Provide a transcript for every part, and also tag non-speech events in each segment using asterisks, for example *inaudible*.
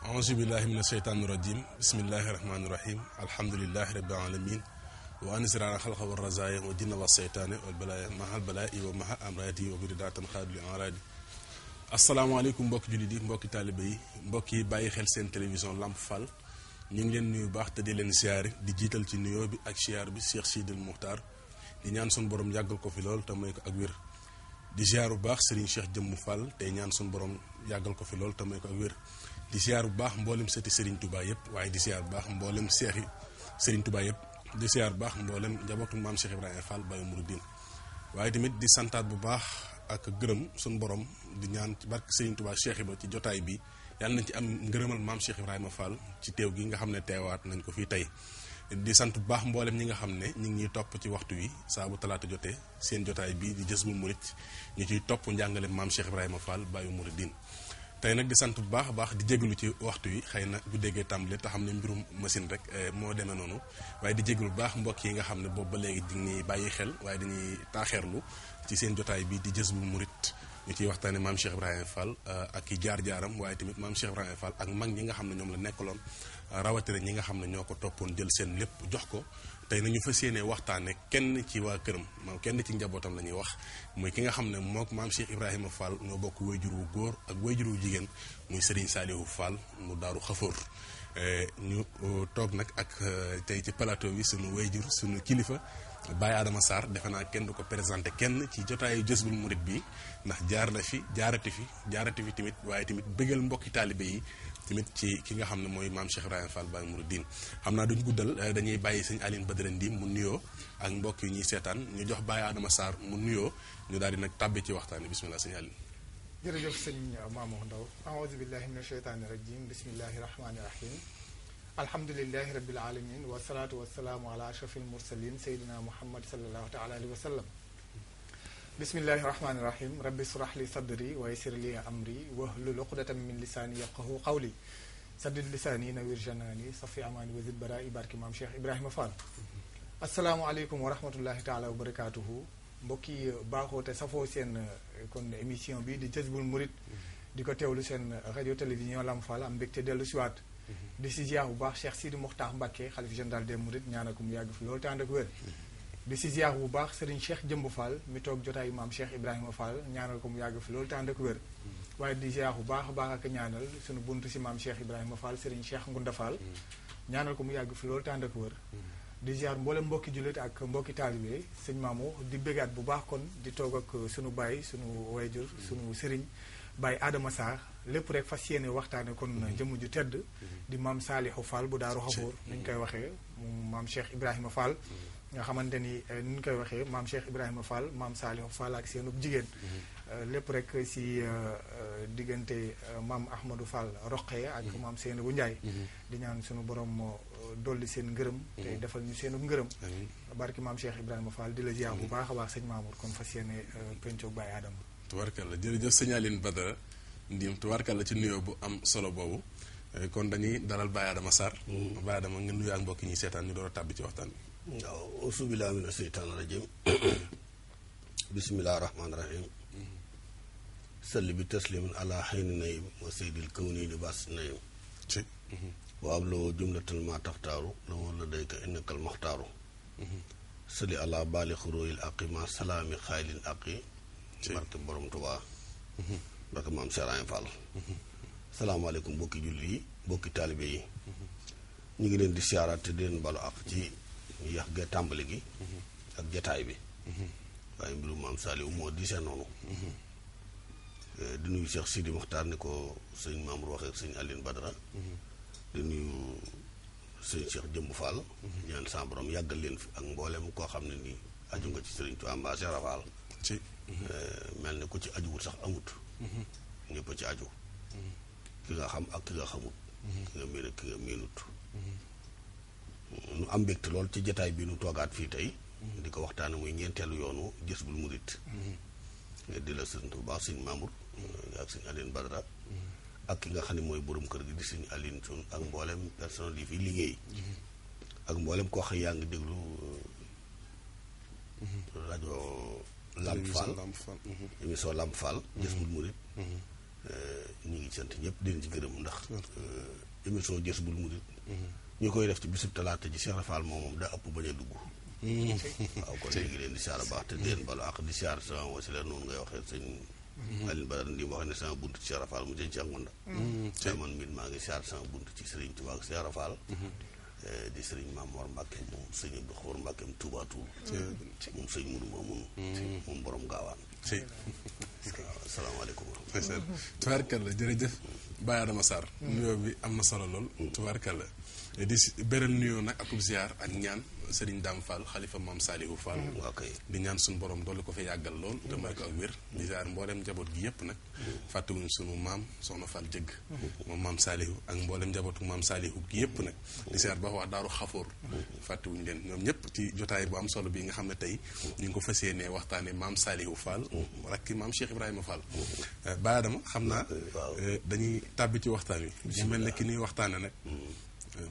أعوذ بالله من الشيطان الرجيم بسم الله الرحمن الرحيم الحمد لله رب العالمين وأنزل على خلقه الرزايا والدين والشيطان والبلايا مع البلائي ومع أمراتي وبردات خاد لأمراتي السلام عليكم بوك جليدي بوك طالبي بوك باي خل سين تلفزيون لامب فال ñi ngi leen nuyu baax te di leen ziar di jiital ci nuyoo bi ak ziar bi cheikh sidil muhtar di ñaan sun borom yàggal ko fi lool di ziar bu baax mboolem sëti Serigne Touba yëpp waaye di ziar bu baax mboolem seex Serigne Touba yëpp di ziar bu baax mboolem njabootu mam Cheikh ibrahim Fall Baye Mouridine waaye tamit di santat bu baax ak geureum sun borom di ñaan ci barke Serigne Touba Cheikh ba ci jotay bi yalla nañ ci am ngërëmal mam Cheikh ibrahim Fall ci tew gi nga xamne ne nañ ko fi tay di sant bu baax mboolem ñi nga xamne ñi ngi top ci waxtu wi sa bu talata jotté seen jotay bi di jës bu murit ñu ciy topp njàngale Cheikh ibrahim Fall Baye Mouridine tey nag di sant bu baax a baax di jégalu ci waxtu yi xëy na bu déggee tàmbali te xam ne mbirum machine rek eh, moo demee noonu waaye di jégalu bu baax mbokk yi nga xam ne boobu ba léegi dañuy bàyyi xel waaye dañuy taaxeerlu ci seen jotaay bi di jës bu murit ñu ciy waxtaane maam Cheikh Ibrahima Fall eh, ak i jaar-jaaram waaye tamit maam Cheikh ak mag ñi nga xam ne ñoom la nekkaloon eh, rawatina ñi nga xam ne ñoo ko toppoon jël seen lépp jox ko tey nañu fas yéene waxtaane kenn ci waa këram maam kenn ci njabootam la ñuy wax muy ki nga xam ne mook maam Cheikh Ibrahima Fall ñoo bokk wayjuru wu góor ak wayjuru wu jigéen muy Serigne Saliou Fall mu daaru xafoor ñu toog nag ak tey ci plateau bi sunu wayjur sunu kilifa Baye Adama sar defe kenn du ko présenté kenn ci jotaayu Jazboul Mouride bi ndax jaar na fi jaarati fi jaarati fi tamit waaye tamit bëggal mbokki taalibe yi tamit ci ki nga xam ne mooy maam Cheikh Ibrahima Fall Baye Mouridine xam naa duñ guddal eh, dañuy bàyyi sëñ Aline Badara Ndim mu nuyoo ak mbokk yi ñuy seetaan ñu jox Baye Adama saar mu nuyoo ñu daal di nag tàbbi ci waxtaan bi bisimilah sëñ Aline. jërëjëf sëñ Mamadou Ndaw aouzu billahi min asheytaani rajim bismillahi rahmaani rahim alhamdulilahi rabil alamin wasalaatu wasalaamu ala ashraf almursalin sayidina muhammad salallahu taala alihi wa sallam bismillahi rahmaani rahim rabbi surah li sadri wa yassir li amri wahlul uqdatan min lisaani yafqahu qawli saddid lisaani nawir janaani safi amaani wa zid baraa'i barki maam Cheikh Ibrahima Fall asalaamualeykum wa rahmatullahi taala wa barakaatuhu mbokki baaxoo te safoo seen kon émission bi di Jazboul Mouride di ko teewlu seen radio télévision Lam Fall am mbégte dellu siwaat di si ziar bu baax Cheikh Sidi Mokhtar Mbacké xalif général des Mourides ñaanakum yàgg fi loolu te ànd ak wér di ci ziar bu baax Serigne Cheikh Jëmb Fall mi tok jotay maam Cheikh ibrahim Fall ñaanal ko mu yag fi lol tan wër waye di ziar bu baax baax ak ñaanal sunu buntu si imam Cheikh Ibrahim Fall Serigne Cheikh Ngunda Fall ñaanal ko mu yag fi lol tan ànd wër di ziar mbolé mbokki julit ak mbokki talibé serigne Maamu di bégat bu baax kon di tok ak sunu bay sunu wayjur sunu Serigne bay Adama Sarr lepp rek fas yéene kon jëmm ju tedd di mam Saalixu Fall bu Daaru Xafoor ni ñu koy waxee mam Cheikh ibrahim Fall nga xamanteni eh, ni ñu koy waxe mam Cheikh Ibrahima Fall mam salih Fall ak seenub jigen mhm. eh, lepp rek si eh, diggante mam Ahmadou Fall roxe ak mam mhm. Seynabou Ndiaye mhm. di ñaan suñu borom doli seen ngeureum tay defal ñu seenub ngeureum barki mam Cheikh Ibrahima Fall di la ziar bu baax baax seigne Mamour kon fas yéene penco Baye Adama tubarkalla jërëjëf signaline badar ndim la ci nuyo bu am solo bobu kon dañuy dalal Baye adam sar mm. Baye adam nga nuyo ak mbokk ñi setan ñu door a ci waxtan ausu billahi mina seytaan rajim *clears throat* bismillahi rahmaani rahim salli bi taslimin ala xayni nayim wa seydil kawni li bas nayim wa ab loo ma taxtaaru la woon la dayka innakal maxtaaru sali ala baali xuróoyil aqi ma salaami xaayilil aqi barke borom tubaa mbokki jullit yi mbokki yi ngi leen di siyaaraat di leen balu ak ci mu yéex gee tàmbali gi mm-hmm. ak jataay bi mm-hmm. waaye mbirum maam Saliou moo diisee noonu mm-hmm. eh, di nuyu Cheikh Sidi Mokhtar ni ko sëñ Mamour waxee sëñ Aline Badara di nuyu sëñ Cheikh Jëmb Fall ñaan sa borom yàggal leen fi ak mboolem koo xam ne nii aju nga ci sëriñ Tuubaa mbaa Cheikh Rafal eh, mel ni ko ci ajuwul sax amut ñëpp a ci aju ki nga xam ak ki nga xamut ki nga miin ak ki nga miinut nu am mbégte lool ci jataay bii nu toogaat fii tey. di ko waxtaane muy ñeenteelu yoonu Jazbul Murid. di la sëñ bu baax sëñ Mamour. ak sëñ Aline Badara. ak ki nga xam ne mooy borom kër gi di sëñ Aline Thioune ak mboolem personnel yi fi liggéey. ak mboolem koo xam yaa ngi déglu mhm. rajo. Lamp Fall mhm. émission Lamp Fall. Mhm. Euh, ñu ngi sant ñëpp di leen ci gërëm ndax. Euh, émission Jazbul Murid. ñu koy def ci bisub talaata ji Cheikh Rafal moom moom daa ëpp bañ a dugg. Hmm. waaw kon léegi leen di siyaar baax te leen balu àq di siyaar sama wasila noonu ngay waxee sëñ hmm. Alioune Badara Ndim wax ne sama bunt ci Cheikh Rafal mu jën ci Angonda. Hmm. te man mii maa ngi siyaar sama bunt ci Serigne Touba ak Cheikh Rafal. Eh, di sëriñ Mamor Mbacke moom sëñ Abdou Xor Mbacke Touba Tour. moom sëñ Mourou Mamoun. moom borom gaawaan. si asalaamaaleykum warahmatullah tubaarkalla jërëjëf Baye Adama Sarr nuyoo bi am na solo lool tubaarkalla di beral nuyoo nag akub ziar ak ñaan سرين دام فال خليفة مام ساليو فال بنيان سن بروم دولي كوفي يعقل لون دمائي كوير نزار مبولم جابوت جيب نك فاتو من مام سونو فال جيب مام مام ساليو ان مبولم جابوت مام ساليو جيب نك نزار بحوا دارو خفور فاتو من نم نيب تي جوتاي بام سولو بيين خامنة تي نينكو فسيني وقتاني مام ساليو فال ركي مام شيخ إبراهيم فال بعدما خمنا دني تابتي وقتاني جمال لكني وقتاني نك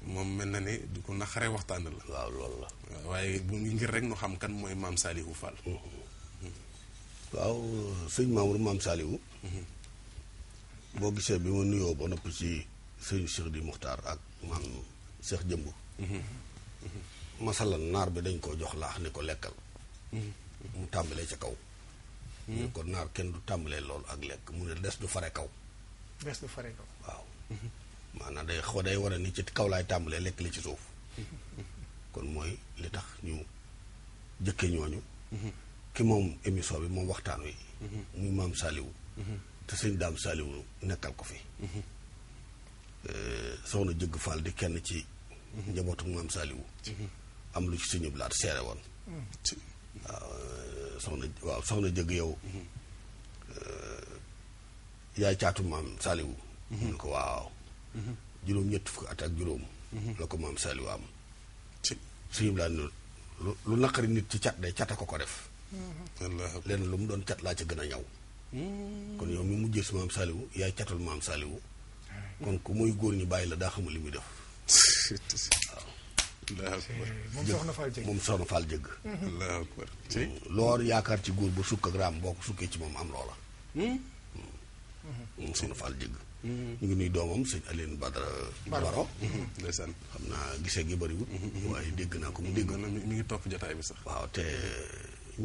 moom mel na ni du ko naqaree waxtaan la. waaw loolu la. waaye bu ngir rek ñu xam kan mooy maam Salihu Fall. Mm-hmm. waaw sëñ Mamour maam Salihu. Mm-hmm. boo gisee bi ma nuyoo ba noppi ci sëñ Cheikh di Muxtaar ak maam Cheikh Jëmb. Mm-hmm. masalan naar bi dañ koo jox laax ne ko lekkal. mu tàmbalee ca kaw. ñu ko naar kenn du tàmbalee lool ak lekk mu ne des du fare kaw. des du fare kaw waaw. maanaam day xaw day war a ni ci kaw laay tàmbalee lekk li ci suuf kon mooy li tax ñu jëkke ñooñu ki moom émission bi moom waxtaan wi muy maam Saliou te sëñ daam Saliou nekkal ko fi euh, soxna jëgg Fall di kenn ci njabootu maam Saliou am lu ci sëñ Blaat seere woon waaw euh, soxna waaw soxna jëgg yow euh, yaay caatu maam Saliou ñu ko waaw juróom-ñett fukk at ak juróom. Mhm. la ko maam Saliou am. suñu laa ne lu naqari nit ci cat day cata ko ko def. Mhm. wallaahi lenn lu mu doon cat laa ca gën a ñaw. Mhm. kon yow mi mu jël si maam Saliou yaay catul maam Saliou. kon ku muy góor ñi bàyyi la daa xamul li muy def. waaw. moom soxna Fall jëgg moom soxna Fall jëgg. Mm. loolu yaakaar ci góor bu sukk ak raam boo ko sukkee ci moom am loola. Hmm? Mm. moom soxna Fall jëgg. ñu ngi nuy doomam sëñ Aline Badara Baro mm-hmm. ndeysaan xam naa gisee gi bëriwul mm-hmm. waaye dégg naa ko mu dégg na mi ngi topp jotaay bi sax waaw te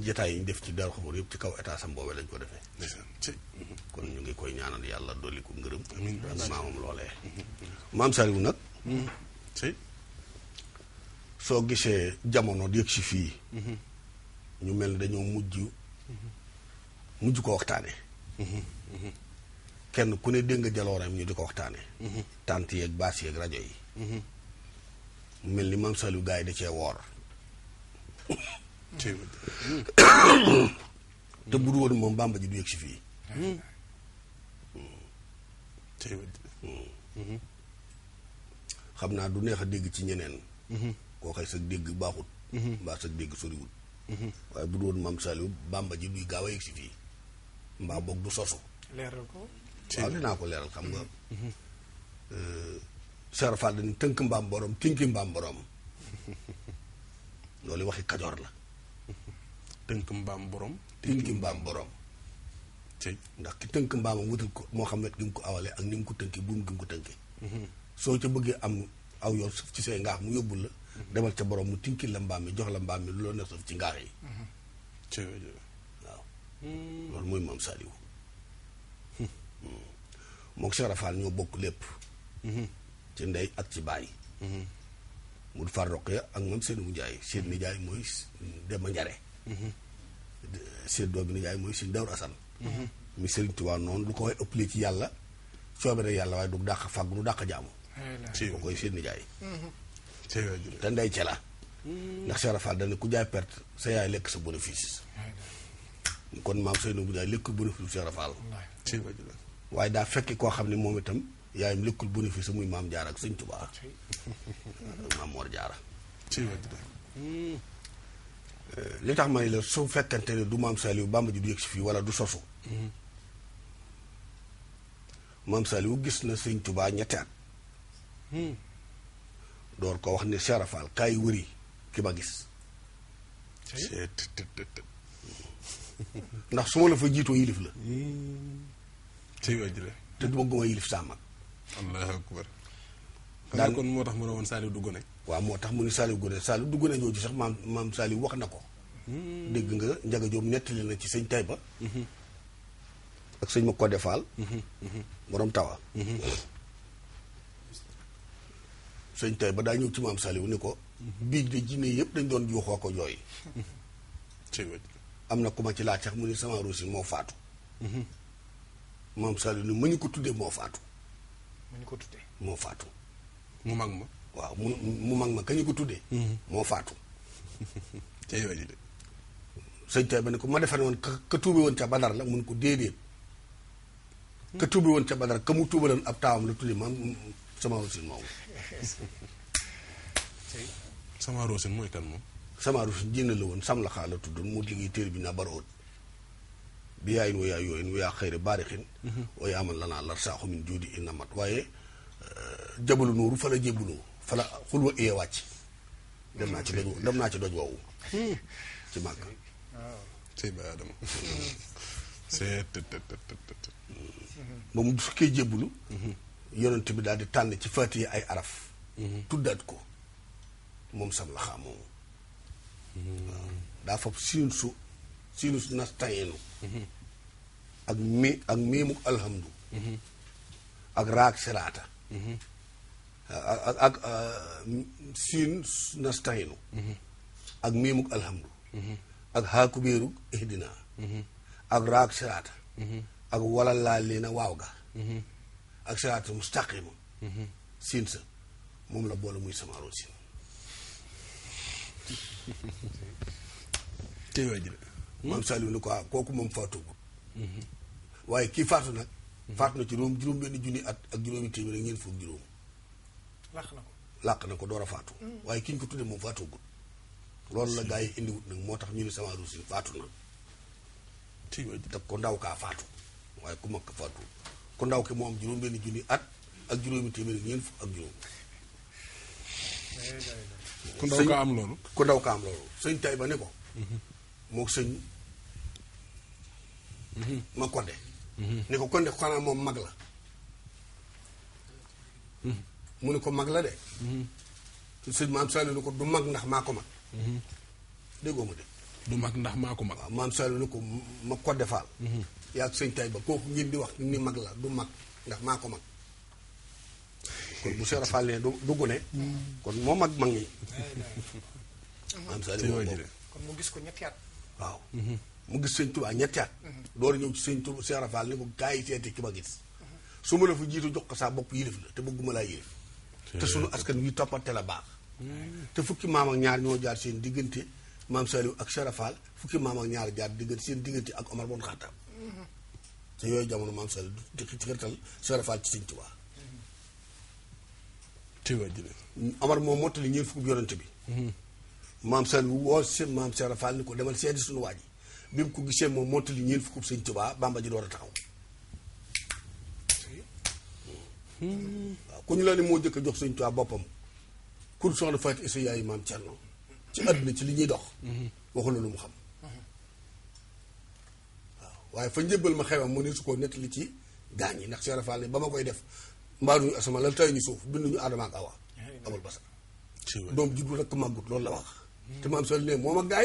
jotaay yi ñu def ci Daaru Xafoor yëpp ci kaw état sam boobee lañ ko defee mm-hmm. kon ñu ngi koy ñaanal yàlla dolli ko ngërëm ak maamam loolee nag soo gisee jamono di si fii ñu mel ni dañoo mujj mujj ko waxtaane kenn ku ne deng nga ñu di ko waxtaane mhm. tante yeeg baas yeeg rajo yi mhm. mel ni mam salu gaay da cee woor *coughs* te bu woon moom bàmba ji du yëg si fii mhm. mm. xam naa du neex a dégg ci ñeneen koo xay sa dégg baaxut mbaa sa dégg soriwut waaye bu woon mam salu bàmba ji duy gaaw a yëg si fii mbaa boog du sosu leeral ko waaw dinaa ko leeral xam nga Cheikh Fall dañu tënk mbaam borom tinki mbaam borom loolu waxi kajoor la tënk mbaam borom tinki mbaam borom ndax ki tënk mbaamam wutal ko moo xam ne gi nga ko awale ak ni nga ko tënki buum gi nga ko tënki mhm. soo ca bëggee am aw yoon saf ci say ngaax mu yóbbul la mhm. demal ca borom mu tinki la mbaam mi jox la mbaam mi lu la neex saf ci ngaax yi mhm. waaw hmm. loolu mooy maam Saliou moom a Rafaal ñoo bokk lépp. Mhm. ci ndey ak ci baay. mu far roqee ak moom seen bu njaay mhm. seen nijaay mooy Demba Njare. seen doomi nijaay mooy seen Dawru Asan. Mhm. mi Sëriñ Tuubaa noonu lu ko way ëppalee ci yàlla coobare yàlla waaye du dàq fàggu du dàq jaamu. seen nijaay. te ndey ca la. ndax Cheikh Rafaal dañ ku jaay perte sa yaay lekk sa bénéfice. kon maam Seynou bu jaay lekk bénéfice Cheikh Rafaal. waaye daa fekk koo xam ne moom itam yaayam lekkul bénéfice muy maam jaar ak sëñ Tuubaa maam Mor Jaara li tax ma ne la su fekkante ne du maam saliw Bamba ji du yëg si fii wala du sosu maam saliw gis na sëñ Tuubaa ñetti at door ko wax ne Serafal kaay wëri ki ma gis ndax su ma la fa jiitoo yilif la te du ma gëm a yilif saa mag. allahu akbar. daal kon moo tax mu woon Saliou du gone. waaw moo tax mu ne Saliou gone Saliou du gone jooju sax maam maam Saliou wax na ko. Hmm. dégg nga Njaga Jóob nettali na ci sëñ Tayba. Hmm. ak sëñ ma ko defaal. Hmm. borom tawa. sëñ ba daa ñëw ci maam Saliou ni ko. biig de jinne yëpp dañ doon juuxoo ko jooy. am na ku ma ci laaj sax mu ne sama ruusi moo faatu. maam sa ni ma ñu ko tuddee moo faatu. ma ko tuddee moo faatu. mu mag ma. waaw mu mu mag ma ka ko tuddee. Mhm. moo faatu. *laughs* ca yooyu de. sëñ Taïba ne ko ma defar ne woon ka tuubi woon ca Badar la mun ko déedéet. ka tuubi woon ca Badar ka mu tuubaloon ab taawam la tuddee maam sama rosin moomu. *laughs* sama rosin mooy kan moom. sama rosin jéem la woon sam la xaar mu liggéey téere bi naa baroot. bi yaayin wa yaa yooyin wa yaa xayre baarixin wa yaa man lanaa larsaaxu min juudi inamat waaye euh, jabalu nuuru fa la jébbaloo fa la xul wa iyee wàcc dem naa ci doj dem ci doj woowu ci ba adama *laughs* ba mu fukkee moom sam la xaa moomu mm-hmm. daa fab siin su sinus nastainu ak mi ak miimu alhamdu ak raak siraata ak eh, siin nastaynu ak miimuk alhamdu ak xaakubeeru ihdina ak raak siraata ak wala laa waaw ga ak siraata mustaqima siin sa moom la boole muy samaaroon siin Hmm? mam Saliou hmm. ni ko ah kooku moom faatugul waaye kii faatu nag faatu na ci róom juróom benn junni at ak juróomi téeméer ak ñeent fukk juróom làq na ko làq na ko door a faatu waaye ki ko tudde moom faatugul loolu la gaa yi indiwut nag moo tax ñu ni sama ruusi faatu na te ko ndaw kaa faatu waaye ku mag ka faatu ku ndaw ki moo am juróom benn junni at ak juróomi téeméer ak ñeent fukk ak juróom ku ndaw kaa am loolu ku ndaw kaa am loolu sëñ tay ba ne ko moo mm-hmm. sëñ ma Codé. ne ko Codé xanaa moom mag la. mu ne ko mag la de. sëñ maam Saliou ne ko du mag ndax maa ko mag. déggoo ma de. du mag ndax maa ko mag. waaw maam Saliou ne mhm. di wax mag la du mag ndax maa ko mag. kon bu Seera Fall ne du gune kon moo mag mag ñi. *laughs* maam Saliou moo kon mu gis ko ñetti at. waaw. Mhm. mu gis sëñ Tuubaa ñetti at door ñëw ci sëñ Tuubaa Cheikh Rafal ni ko gaa yi seeti ki ba gis su ma la fa jiitu jox ko saa bopp yilif la te bëgguma laa yilif te sunu askan wi toppante la baax hmm. te fukki maam ñaar ñoo jaar diggante maam Saliou ak Cheikh Rafal fukki maam ñaar jaar diggante seen diggante ak Omar bon Xattaab hmm. yooyu jamono maam Saliou di ci xirtal Cheikh Rafal ci sëñ Tuubaa teewaay jëlee. Amar moo mottali ñeent fukki bi. Hmm. maam Saliou woo si maam Cheikh ni ko demal seeti suñu waa ji bi mu ko gisee moom mottali ñeent fukk sëñ Tuubaa Bàmba ji door a taxaw waaw ku ñu la ne moo jëkk a jox sëñ Tuubaa boppam kun soxna Fatou Issa yaayu maam Thierno ci àdduna ci li ñuy dox waxul lu mu xam waaw waaye fa njëbbal ma xewam mu ne su ko nettali ci gaañ yi ndax Cheikh Fall ne ba ma koy def mbaaruñu asama lal tay ñu suuf binduñu Adama ak Awa amul basa doom juddu rekk màggut loolu la wax te maam sol ne moom ak gaa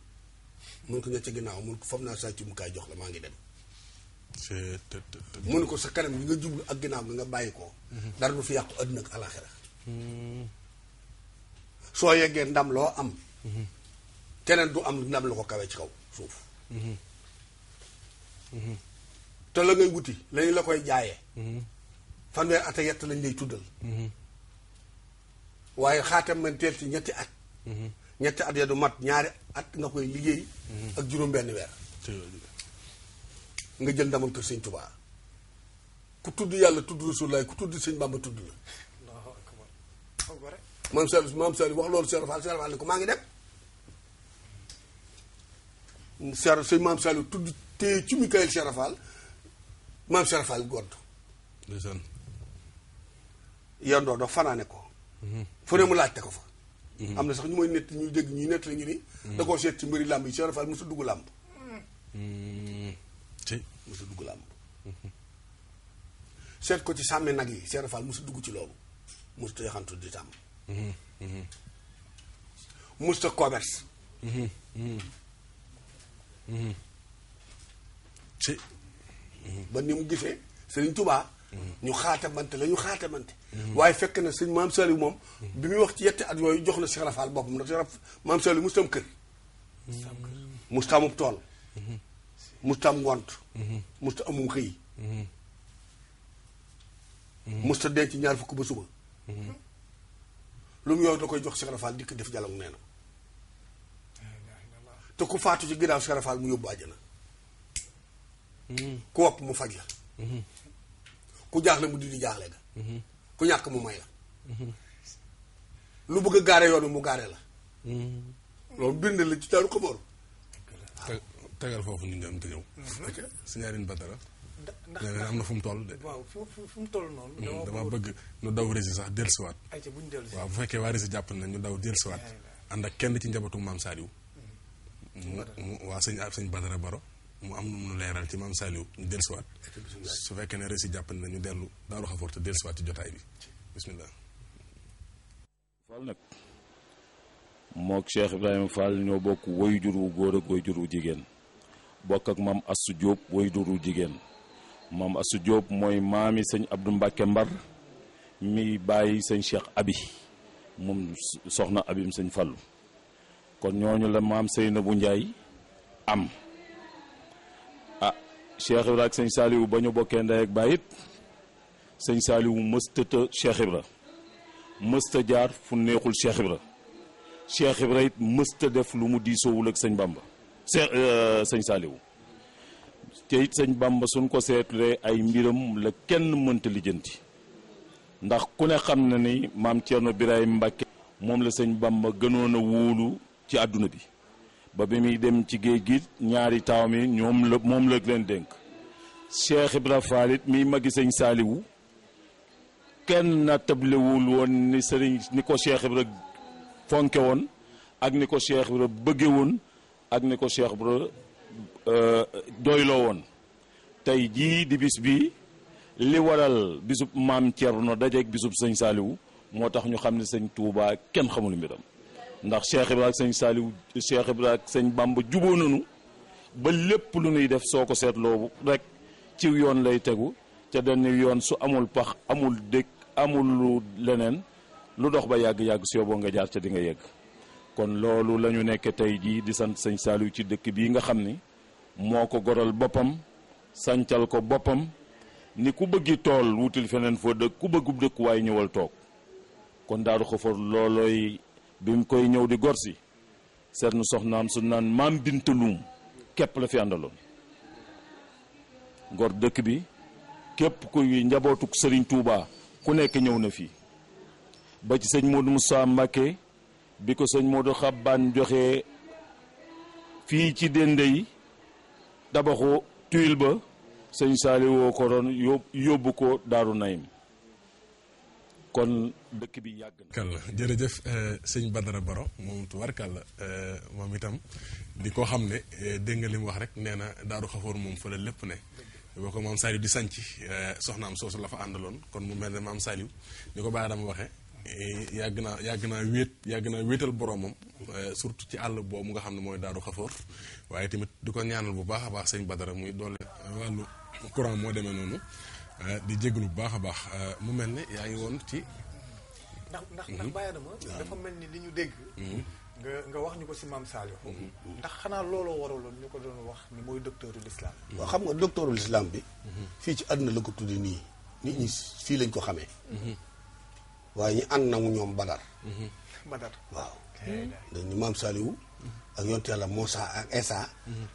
mun ko ñëw ca mun ko fab naa saa ci mu kaay jox la maa ngi dem. Euh, euh, euh, mu ko sa kanam bi nga jublu ak ginnaaw bi nga bàyyi ko. Mhm. dara du fi yàqu àdduna ak alaxira mhm. soo yeggee ndam loo am. Mhm. keneen du am ndam la ko kawe ci kaw suuf. te la ngay wuti lañu la koy jaayee. fanweer at a yett lañ lay tuddal. waaye xaatam man teel ci ñetti at. ñetti at ya du mat ñaari at nga koy liggéey. ak juróom benn weer. nga jël ndamul kër sëñ ku tudd yàlla tudd Rasulullaay ku tudd sëñ Bàmba tudd la. maam Saliou maam Saliou wax loolu Cheikh Fall ni ko maa ngi dem. Cheikh sëñ maam Saliou godd. ndeysaan. yendoo doo fanaane ko. Mhm. fu laajte ko fa. Mhm. am na sax ñu mooy nett ñu dégg ñuy nett la ñu ni mhm. da koo seet ci mbiri làmb yi Cheikh Rafal mosul dugg mhm. dugg làmb seet ko ci sàmme nag yi Cheikh Rafal mosul dugg ci loolu mosul yaxantu di tàmm mosul commerce ci ba ni mu gisee Serigne Touba ñu xaatamante la ñu xaatamante waaye fekk na sëñ maam Saliou moom bi muy wax ci yetti at yooyu jox na Cheikh boppam ndax Cheikh maam Saliou mustam kër musta tool musta am musta amum xëy musta denc ñaar fukk ba suba lu mu yow da koy jox Cheikh dikk def jaloog nee na te ku faatu ci ginnaaw Cheikh mu yóbbu àjjana ku wopp mu faj la ku jaaxle mu dindi jaaxle ga mhm. ku ñàkk mu may la mhm. lu bëgg a gaare yoon mu gaare la mhm. loolu bind la ci daaru xamoor tegal foofu ñu dem te ñëw ok siñaarin batara da am na fu mu toll de waaw fu mu toll noonu dama bëgg ñu daw rési sax dellusiwaat waaw bu fekkee waa rési jàpp na ñu daw dellusiwaat ànd ak kenn ci njabootu maam Saliou mu waa sëñ ab sëñ Badara Baro mu am nu leeral ci maam Saliou ñu su fekkee ne resi jàpp nañu dellu daaru xafoor te dellusiwaat ci jotaay bi bismillah Fall nag mook Cheikh Ibrahima Fall ñoo bokk woy juru góor ak woy juru jigéen bokk ak maam Assu Diop woy juru jigéen maam Assu Diop mooy maami sëñ Abdou Mbacke Mbar mi bàyyi sëñ Cheikh Abi moom soxna Abim sëñ Fallu kon ñooñu la maam Seynabu Njaay am Cheikh ak sëñ saaliwu ba ñu bokkee ndey ak baay it sëñ Saliou mësta të Cheikh mësta jaar fu neexul Cheikh Ibra Cheikh Ibra it mësta def lu mu diisoowul ak sëñ Bamba Cheikh euh, sëñ Saliou te it sëñ Bamba suñ ko seetlee ay mbiram la kenn mënta lijjanti ndax ku ne xam na ni maam Thierno Birahim Mbacke moom la sëñ Bamba gënoon a wóolu ci àdduna bi ba bi muy dem ci géej gi ñaari taaw mi ñoom la moom la leen dénk Cheikh Ibra Fall it mii Saaliwu kenn na tablewul woon ni sëriñ ni ko Cheikh Ibra fonke woon ak ni ko Cheikh Ibra bëgge woon ak ni ko Cheikh Ibra euh, doyloo woon tey jii di bi li waral bisub maam Thierno dajeeg bisub sëñ Saaliwu moo tax ñu xam ne sëñ Tuubaa kenn xamul mbiram ndax Cheikh Ibra ak sëñ Saliou Cheikh Ibra ak sëñ Bamba juboo noonu ba lépp lu nuy def soo ko seetloo bu rek ci yoon lay tegu ca dañ yoon su amul pax amul dëkk amul lu leneen lu dox ba yàgg-yàgg su yoboo nga jaar ca di nga yegg kon loolu lañu nekk tey jii di sant sëñ Saliou ci dëkk bii nga xam ni moo ko goral boppam sancal ko boppam ni ku bëggi tool wutil feneen foo dëkk ku bëggub dëkk waaye ñëwal toog kon daaru xafoor loolooy bi mu koy ñëw di gorsi seen soxnaam su naan maam Binta Loum képp la fi àndaloon ngor dëkk bi képp kuy njabootuk Serigne Touba ku nekk ñëw na fii ba ci sëñ Modou Moussa Mbacké bi ko sëñ Modou Xabbaan joxe fii ci dende yi tabaxu tuyil ba sëñ Saali ko doon yóbbu ko Daaru Naim kon dëkk bi yàgg na. kàlla jërëjëf sëñ Badara Baro moom tubarkàlla moom itam di ko xam ne dégg li mu wax rek nee na daaru xafoor moom fële lépp ne. boo ko maam Saliou di sànc soxnaam soosu la fa àndaloon kon mu mel ne maam Saliou ni ko bàyyi dama waxee. yàgg naa yàgg naa wéet yàgg naa wéetal boromam. surtout ci àll boobu nga xam ne mooy daaru xafoor waaye tamit di ko ñaanal bu baax a baax sëñ Badara muy doole wàllu courant moo demee noonu. Eh, di jéglu bu baax a baax eh, mu mel ne yaa ngi woon ci. ndax ndax ndax mhm. bàyyi dafa mel ni li ñu dégg. Mhm. nga nga wax ñu ko si maam mhm. ndax xanaa looloo waraloon ñu ko doon wax ni mooy docteuru l'islam. waaw xam nga docteuru l'islam bi. fii ci àdduna la ko tuddi nii nit ñi fii lañ ko xamee. waaye ñi ànd namu ñoom Badar. Badar waaw. ni maam Saliou. ak yonte yàlla Moussa ak Esa.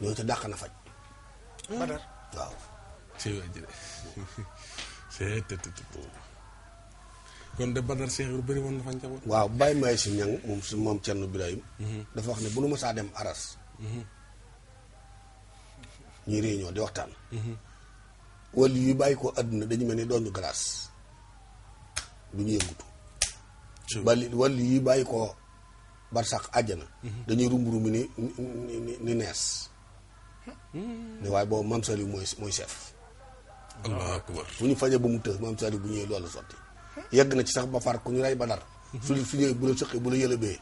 ñoo ci dàq na faj. Badar waaw sih anjir setet itu kon de badar cheikh lu bari won fan jabot waaw bay mbay si ñang mom su mom cierno ibrahim mhm. dafa wax ne bu nu mësa dem aras mhm. ñi réunion di waxtaan mhm. wal yu bay ko aduna dañu melni doñu glace duñu yëngutu bal wal yu bay ko barsak aljana dañuy rumbu rumbu ni ni ni ni way bo mam sali moy moy chef allah akbar fu ñu faje ba mu tëx maam Sadio bu ñëwee loolu sotti yegg na ci sax ba far ku ñu rey ba dar su su ñëwee bu la sëqee bu la yëlëbee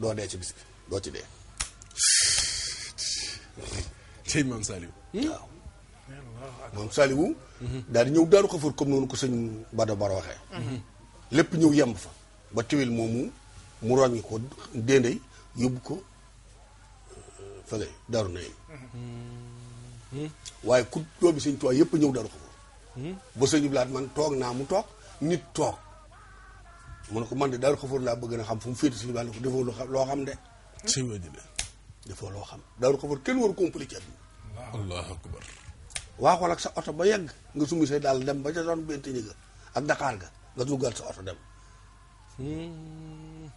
doo dee ci bis bi doo ci dee tey maam Saliou hmm? waaw maam Saliou mhm. daal ñëw daaru xafoor comme noonu ko sëñ Bada Bara waxee mhm. lépp ñëw yemb fa ba tiwil moomu mu roñi ko déndey yóbbu ko euh, fële daaru nañ Hmm? waaye ku doomi sëñ Tuubaa yëpp ñëw daru xafoor hmm? ba sëñ Blaat man toog naa mu toog nit toog mu ne ko man de daru xafoor laa bëgg na xam fu mu féete sëñ Blaat ne ko defoo loo xam de sëñ loo xam daru xafoor kenn waru compliqué aduna allahu sa oto ba yegg nga sumi say daal dem ba ca doon bent ga ak Dakar ga nga duggal sa oto dem hmm.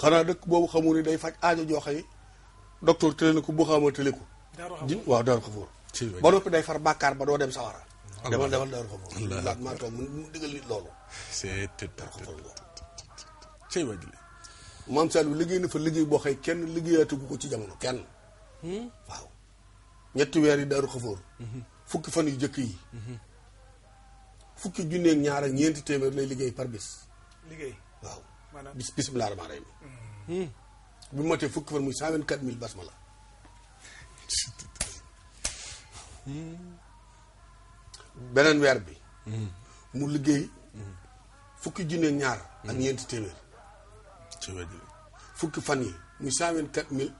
xanaa dëkk boobu xamul ni day faj aajo joo xëy docteur tële na ko bu xaama tële ko waaw daru xafoor ba noppi day far bàkkaar ba doo dem sawara demal demal daaru xamul laat maa toog mu digal nit loolu daaru xamul cey waji maam Saliou liggéey na fa liggéey boo xëy kenn liggéeyaatugu ko ci jamono kenn hmm? waaw ñetti weer yi daaru xafoor mhm. fukki fan yu jëkk yi mhm. fukki junneeg ñaar ak ñeenti téeméer lay liggéey par bis liggéey waaw bis bis bi laa ramaa rey hmm. bi matee fukki fan muy cent vingt quatre mille basmala *laughs* beneen weer bi. Hmm. mu liggéey hmm. fukki junne ñaar. ak hmm. ñeenti téeméer. fukki fan yi muy cent vingt quatre mille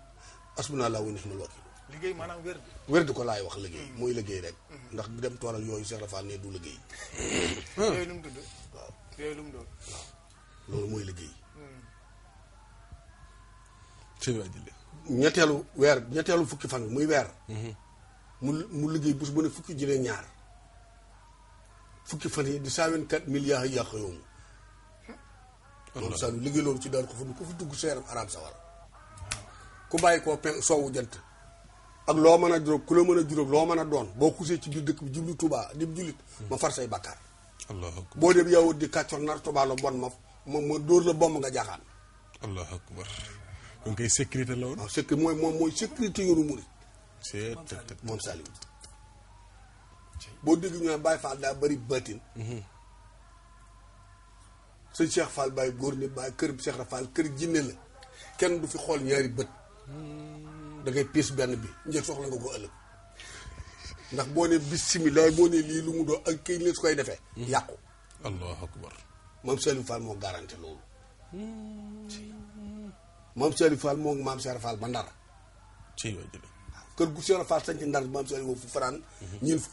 asbuna laa wu neex ma looki. liggéey maanaam di ko laay wax liggéey. mooy liggéey rek. ndax bu dem toolal yooyu Cheikh Rafaal ne du liggéey. *coughs* loolu mooy liggéey. téeméer ñetteelu weer ñetteelu fukki fan muy weer. mu mu liggéey bés bu ne fukki junne ñaar fukki fan yi di cent vingt-quatre milliards yi yàq yoomu moom Saliou liggéey loolu ci daal ko fa du ko fi dugg seeram araab sawar ku bàyyi koo pen soowu jant ak loo mën a juróom ku la mën a juróom loo mën a doon boo xusee ci biir dëkk bi jublu Touba di jullit ma far say bàkkaar boo dem yow di kàccor nar Touba la bon ma ma ma dóor la bomb nga jaaxaan allahu akbar kon kay sécurité la woon mooy moom mooy sécurité yoonu murit c'est moom Saliou boo dégg ñu Baye Fall daa bëri bëtin mhm. sëñ Cheikh Fall Baye góor ni Baye kër Cheikh Rafal kër jinne la kenn du fi xool ñaari bët mhm. da ngay piis benn bi njëkk soxla nga ko ëllëg ndax boo ne bisimilah boo ne lii lu mu doo ak këy lees koy defee mhm. yàqu allahu akbar moom Saliou Fall moo garanti loolu moom Saliou Fall moo maam Cheikh Fall ba ndar ci kër gu Cheikh Fall sanc ndar maam Cheikh woo fu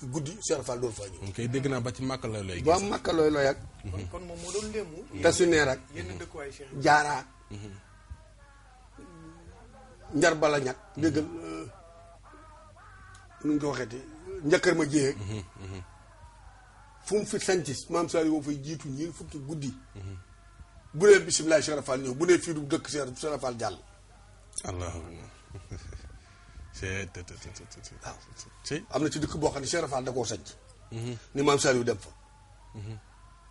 guddi Cheikh Fall doon faa ñëw. kay dégg naa ba ci Màkka looy looy. ba Màkka ak. Mhm. kon moom moo doon léemu. ak. yenn mhm. dëkkuwaay Cheikh jaaraat. Mhm. njar bala ñàkk. déggal nu ñu ko waxeeti njëkkër ma jéeg. fu mu fi sanc maam Cheikh woo fay jiitu ñun fukki guddi. bu nee bisimilah Cheikh Fall ñëw bu nee fii du dëkk Cheikh Fall jàll. *laughs* waaw am na ci dëkk boo xam ne Cheikh Rafal da koo sanc mm-hmm. ni maam Saliou dem fa mm-hmm.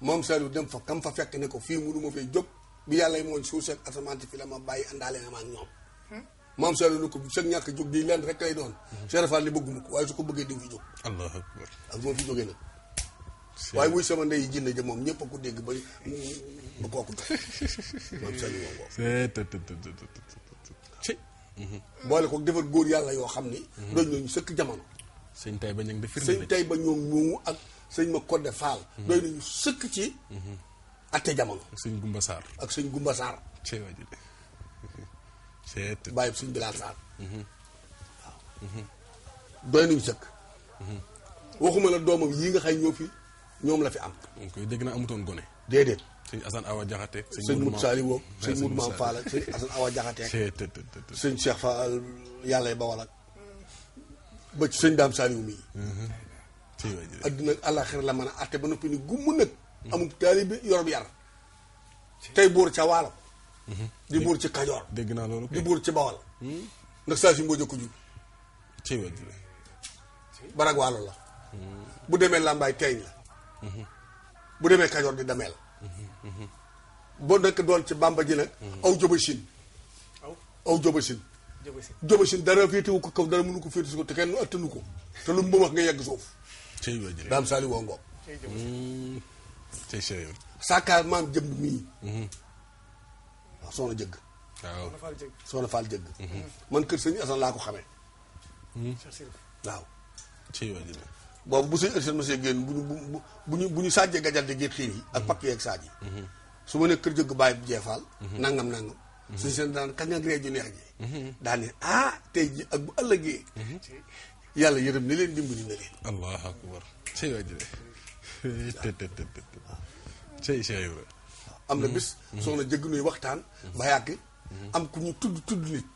maam Saliou dem fa kam fa fekk ne ko fii mënu ma fay jóg bi yàlla mooñ suuf seeg asamaan fi la ma bàyyi àndaale na ma ak ñoom hmm? maam Saliou ne ko sag ñàkk jóg di leen rek lay doon mm-hmm. Cheikh Rafal ni bëgguma ko waaye su ko bëggee di fi jóg allah akbar ak moom fi jógee nag waaye wuy sama ndey jinne ja moom ñëpp a ko dégg ba *laughs* ba kooku *laughs* maam Saliou moom boole ko defar góor yàlla yoo xam ni. Mhm. doy nañu sëkk jamono. sëñ Taïba ñu ngi di firnde sëñ ñoom ñoomu ak sëñ ma Codé Fall. Mhm. doy nañu sëkk ci. Mhm. ate jamono. sëñ Gumba Sarr. ak sëñ Gumba Sarr. cee waa ji de. *laughs* bàyyi sëñ Bilal Sarr. waaw. doy nañu sëkk. waxuma la doomam yii nga xay ñoo fi ñoom la fi am. koy dégg na amutoon gone. déedéet. sëñ Assane Awa Diakhaté. sëñ Mourou Saliou sëñ Mourou Mam Fall ak sëñ Assane Awa Diakhaté ak. *laughs* sëñ Cheikh Fall yàlla bawal ak ba ci sëñ Dame mii. ci wàllu adduna ak àllaaxira la mën a àtte ba noppi ni gumm nag. amul taalibe yorob yar. tey buur ca waalo. Mhm. di buur ci Kajoor. dégg naa di buur ci Bawal. Hmm? ndax saa si mboo jëkku jug. barag waalo la. Hmm. bu demee Lambaay teeñ la. Mhm. bu demee Kajoor di dameel. Bo nekk doon ci bamba ji nag aw jobasin aw jobasin jobasin dara wu ko kaw dara mënu ko féete ko te kenn attanu ko te lu mu wax nga yegg suuf daam saali woo ngoog sàkkaar maam jëm mii mhm. waaw soxna jëgg soxna faal jëgg mhm. man kër sëñ Asan laa ko xamee mhm. waaw boobu bu sëñ Arsène Mbassé génn bu ñu bu ñu bu ñu sàjjee gajal di géet xiin yi ak pakk yeeg saaj yi mhm. su ma ne kër jëgg baay bu jeefaal mhm. nangam nangam mhm. suñu seen daan kañ ak ree ju neex ji daal ne ah tey ji ak bu ëllëgee yàlla yërëm ne leen dimbali na leen allah akbar sëy wàjj sëy sëy am na bis soxna jëgg nuy waxtaan ba yàgg am ku ñu tudd tudd nit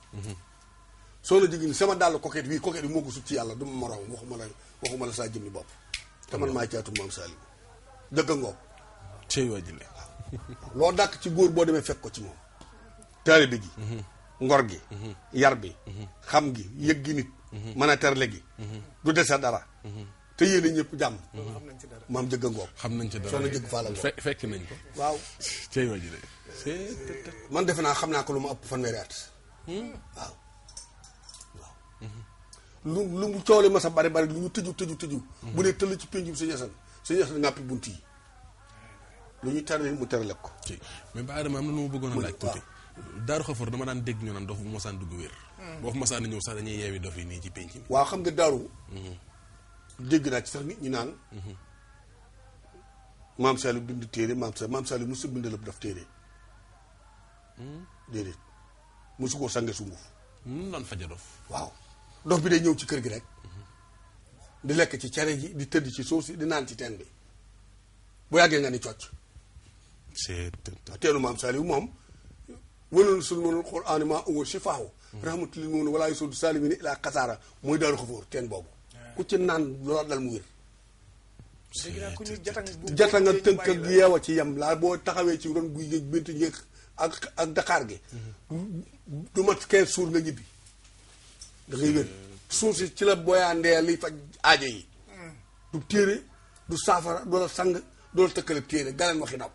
soxna jigéen sama dàll coquette bii coquette bi moo ko sut ci yàlla du ma morom waxuma la waxuma la saa jëmmi bopp te man maay caatu maam Salim dëgg ngoog sëy waa jële loo dàkk ci góor boo demee fekk ko ci moom taalibe gi ngor gi yar bi xam gi yëg gi nit man a terle gi du dese dara te yéene ñëpp jàmm maam jëgg ngoog xam nañ ci dara soxna jëgg faala fekk nañ ko waaw sëy waa jële man defe naa xam naa ko lu ma ëpp fanweeri at hmm? waaw lu lu mu coow li ma sa bari bari lu ñu tëju tëju tëju. Mhm. bu dee tëll ci pénjum sëñ Asan sëñ Asan ngàppi bunt yi lu ñu tere mu tere lekk ko. mais ba Adama am na lu ma bëggoon a laaj tuuti. daaru xafoor dama daan dégg ñu naan dof bu mosaan dugg wér. Hmm. boo mosaan ñëw sax dañuy yeewi dof yi nii ci pénc mi. xam nga daaru. Mhm. dégg naa ci sax nit ñi naan. Mhm. maam Saliou bind téere maam Saliou maam Saliou mosu bind lépp daf téere. Hmm. déedéet mosu koo sànge sunguf. mu hmm, doon faja dof waaw. ndox bi day ñëw ci kër gi rek di lekk ci cere ji di tëdd ci suuf si di naan ci teen bi bu yàggee nga ni cocc teenu maam Saliou moom wëlal sul mënul qur'aan maa huwa shifaahu rahmatul lil mu'miniin walaa yasudu saalimiina ilaa xasaara mooy daaru xafóor teen boobu ku ci naan loola dal mu wér jata nga tënk ak yeewa ci yem laa boo taxawee ci ron guy géej binti ñeex ak ak daqaar gi mm-hmm. du mat quinze nga ñibbi da ngay wér ci la boyaandee liy faj aajo yi du téere du saafara du la sang du la tëkkalib téere galeen waxi nopp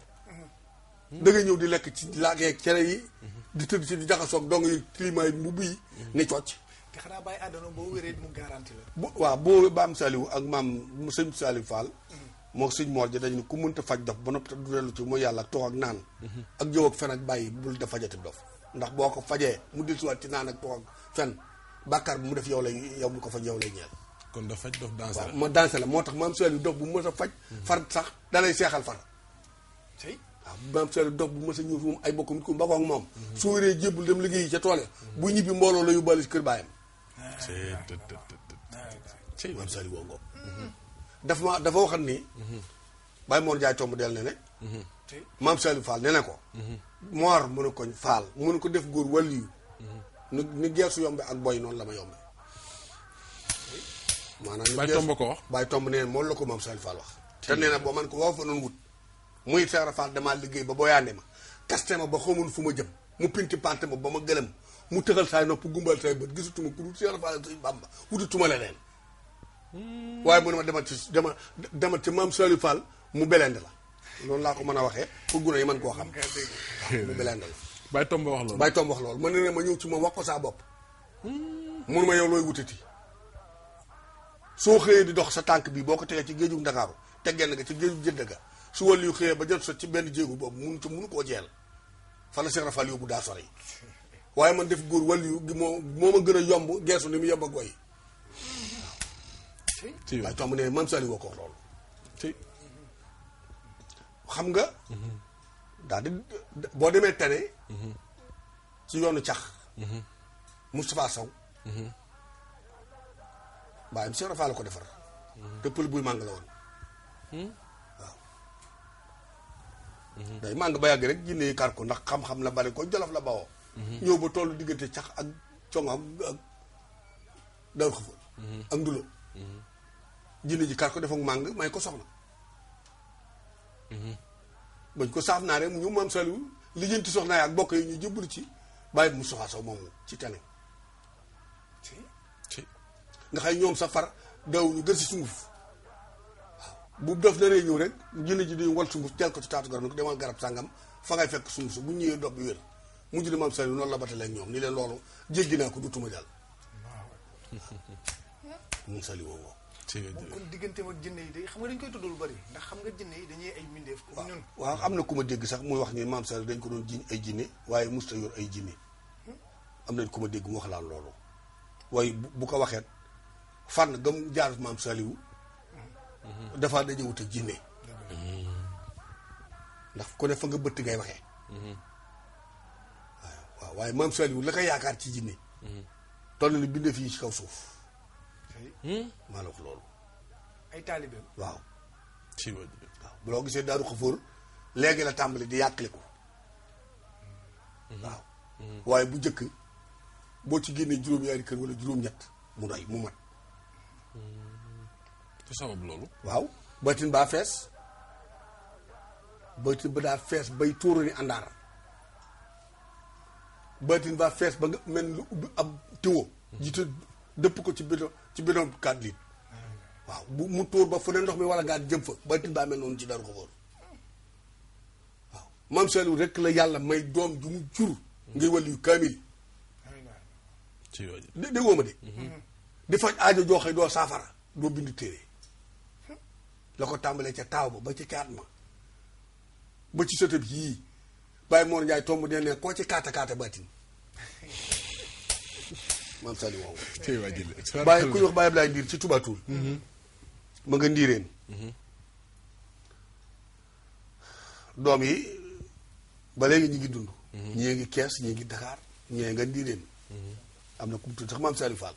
da ñëw di lekk ci laakeeg cere yi di tëdd ci di jaxasoog dong yi climat yi mbubb yi ni cocc te xanaa bàyyi àdduna boo wéree mu garanti la bu waaw boo baam Saliou ak maam sëñ Saliou Fall moo sëñ Mor ja dañ ni ku mënta faj dof ba noppi du dellu ci mooy yàlla ak tox ak naan ak jëw ak fen ak bàyyi bul da fajati dof ndax boo ko fajee mu dellusiwaat ci naan bàkkaar bu mu def yow lay yow mi ko faj yow lay ñeel. kon da faj dof danse la ma danse la moo tax maam Suhayl dof bu mës a faj. Mhm. far sax da seexal far. maam Suhayl dof bu mës a ñëw fi moom ay bokk nit ku mbagoo ak moom. Mhm. su wéree jébbul dem liggéeyi ca toole. Mhm. bu ñibbi mbooloo ma dafa waxat ni. Baye Mor Ndiaye tomb del ne ne. maam Suhayl Fall ne ne ko. Mor mënu ko faal mënu ko def góor wàllu nu ni geesu yombe ak boy noonu la ma yombe maanaam Baye Tomb ko wax Baye Tomb nee na moom la ko maam Saliou Fall wax te nee na boo man ko waaw fa noonu wut muy Seex Ibra Fall liggéey ba booyaande ma testé ma ba xamun fu ma jëm mu pinti pante ma ba ma gëlëm mu tëxal saay nopp gumbal saay bët gisatuma ku dul Seex Ibra Fall Sëñ Bàmba wutatuma leneen hmm. waaye mu ne ma demal ci dema demal ci maam Saliou Fall mu belende la loolu laa ko mën a waxee pour gune yi mën koo xam *laughs* mu bay tomb wax loolu bay tomb wax loolu ma ne ne ma ñëw ci moom wax saa bopp hmm. mun ma yow looy wutati soo xëyee di dox sa tànk bi boo ko tegee ci géejug ndakaaru te genn nga ci géejug jënd ga su wàll xëyee ba jot sa ci benn jéegu boobu mun ci munu koo jeel fa la Cheikh Rafal yóbbu daa sori waaye man def góor wàll moo moo ma gën a yomb geesu ni mu yomb a goy waaw bay tomb ko loolu xam nga mm-hmm. daal di boo demee tane. ci yoonu cax. Mhm. Moustapha Sow. bàyyam mhm. Cheikh Rafa la ko defar. Mhm. te pël buy màng la woon. Hmm? waaw. day màng ba yàgg rek jinne yi kar ko ndax xam-xam la bari ko jolof la bawoo. ñëw ba tollu diggante cax ak coŋ ak daw xëfal ak ndulo. jinne ji kar ko def màng may ko soxna. bañ ko saaf naa rek ñu maam saliw lijjanti soxna ak bokk yi ñu jublu ci bàyyi mu saw moomu ci tane nga xay ñoom sa far daw ñu gën si sunguf bu def na ñëw rek jëne ji di wal sunguf tel ko ci taatu garab nag demal garab sàngam fa ngay fekk sunguf bu ñëwee dob bi wér mujj na maam non noonu la batale ak ñoom ni leen loolu jéggi naa ko dutuma jàll maam saliw woo moom kon digganteem ak jinne yi xam nga dañ koy tudd lu bari ndax xam nga jinne yi dañuy ay mbindeef ko ñun waaw am na ku ma dégg sax muy wax ni maam Sall dañ ko doon jiñ ay jinne waaye musta yor ay jinne hmm? am nañ ku ma dégg mu wax laal loolu waaye bu ko waxeet fànn gam jaar maam Saliou hmm. dafa daje wut ak jinne hmm. ndax ku ne fa nga bëtt ngay waxe waaw waaye maam Saliou la yaakaar ci jinne toll ni bindee fii ci kaw suuf fay. maa la loolu. ay taalibeem waaw. ci waaw bu gisee daaru xafoor léegi la tàmbali di yàqle ko. Mm-hmm. waaw. Mm-hmm. waaye bu njëkk boo ci génnee juróom-ñaari kër wala juróom-ñett mu doy mu mat. Mm-hmm. te sabab loolu. waaw batin baa fees batin ba daa fees bay tuuru ni àndaar baa fees ba nga mel lu ubbi ab tiwo. jiite dëpp ko ci béton ci bidon quatre litres waaw bu mu tuur ba fu ne ndox mi wala ngaa jëm fa ba ti noonu ci daru ko foor waaw maam Saliou rek la yàlla may doom ju mu jur ngay wàll yu kaamil di déggoo ma de di faj aajo jooxe doo saafara doo bind téere la ko tàmbalee ca taaw ba ba ci kaat ma ba ci sëtëb yii moo Mor Ndiaye tomb dee ne koo ci kaata kaata baatin maam Saliou woowu bàyyi ku ñuy wax Baye Ablaye Ndiir ci Toubatoul mhm. ma nga ndiireen mhm. doom yi ba léegi ñu ngi dund mhm. ñii ngi Kees ñii ngi Dakar ñee nga ndiireen am na ku mu tudd sax maam Saliou Fall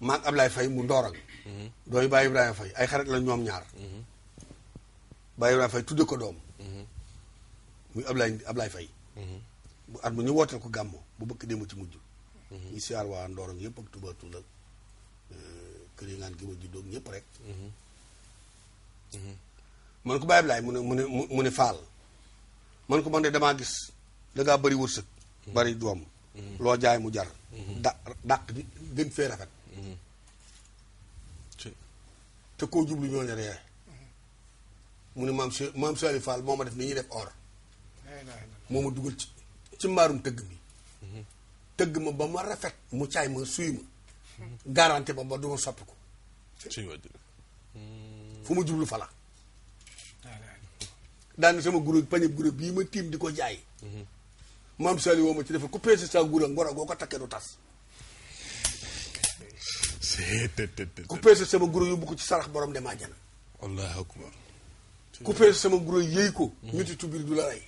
maag Ablaye Faye mu ndoorak doom yi Baye Ibrahima Faye ay xarit la ñoom ñaar Baye Ibrahima Faye tudde ko doom muy Ablaye Ablaye Faye bu at bu ñu wootal ko gàmmo bu bëkk dem ci mujj ñu siar waa ndoorang yëpp ak tuba tund ak euh, kër yi ngaan gi ma juddoo ñëpp rek mm-hmm. man ko bàyyi laay mu ne mu ne mu ne faal man ko man de damaa gis da ngaa bëri wërsëg mm-hmm. bari doom mm-hmm. loo jaay mu jar da dàq di gën fee rafet te koo jublu ñoo ne ree mu ne maam maam Sali Fall moo ma def ni ñuy def or moo ma dugal ci ci mbaarum tëgg mi tëgg ma ba ma rafet mu caay ma suy ma garanti ma ba du ma soppi ko fu ma jublu fala ah, daane sama guró pañe guró bii ma tiim di ko jaay maam sali woo ma ci def ku peese sa guró ngoro goo ko takkee du tas ko ci sarax borom dem àjjana allahu ku peese sama guró yëy ko miti tubir du la rey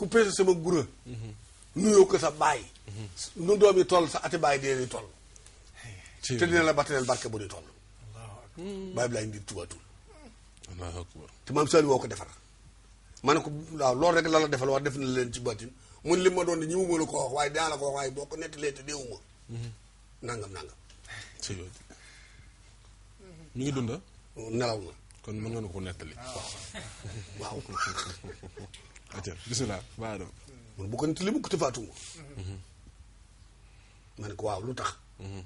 ku peese sama gura nuyoo ko sa baay nu doom yi toll sa ati baay dina ni toll te dina la battaneel barke bu di toll baay bi laay ndir tubaatul te maam Saliou woo ko defar ma ne ko waaw loolu rek la la defal wax def na leen ci baatin mun li ma doon di ñi mu mën a ko wax waaye daa la ko waaye boo ko nettalee te déewuma mhm. nangam nangam mu ngi dunda nelaw na kon mën nga na ko nettali *laughs* acca bisimilah bu ko nit li mu ko tëfaatuma. ma ne ko waaw lu tax. Mhm.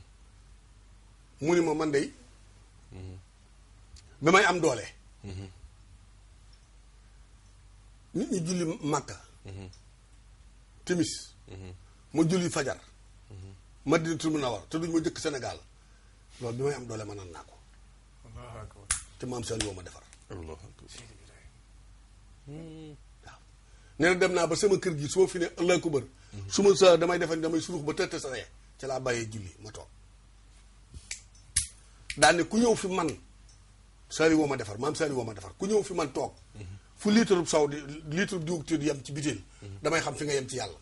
mu ni ma man de. Mhm. bi may am doole. Mhm. nit ñi julli Makka. timis. ma julli fajar. Madinatul Munawwara te duñ ma jëkk Sénégal loolu bi may am doole mënoon naa ko. te maam seen woo ma defar. nee na dem naa ba sama kër gi su ma fi ne allah kubar su ma sa damay defal damay surux ba tëtt sa laa bàyyee julli ma toog ku ñëw fi man saali woo ma defar maam saali woo ma defar ku ñëw fi man toog fu litre saw di litre diwtiir ci bitéel damay xam fi nga yem ci yàlla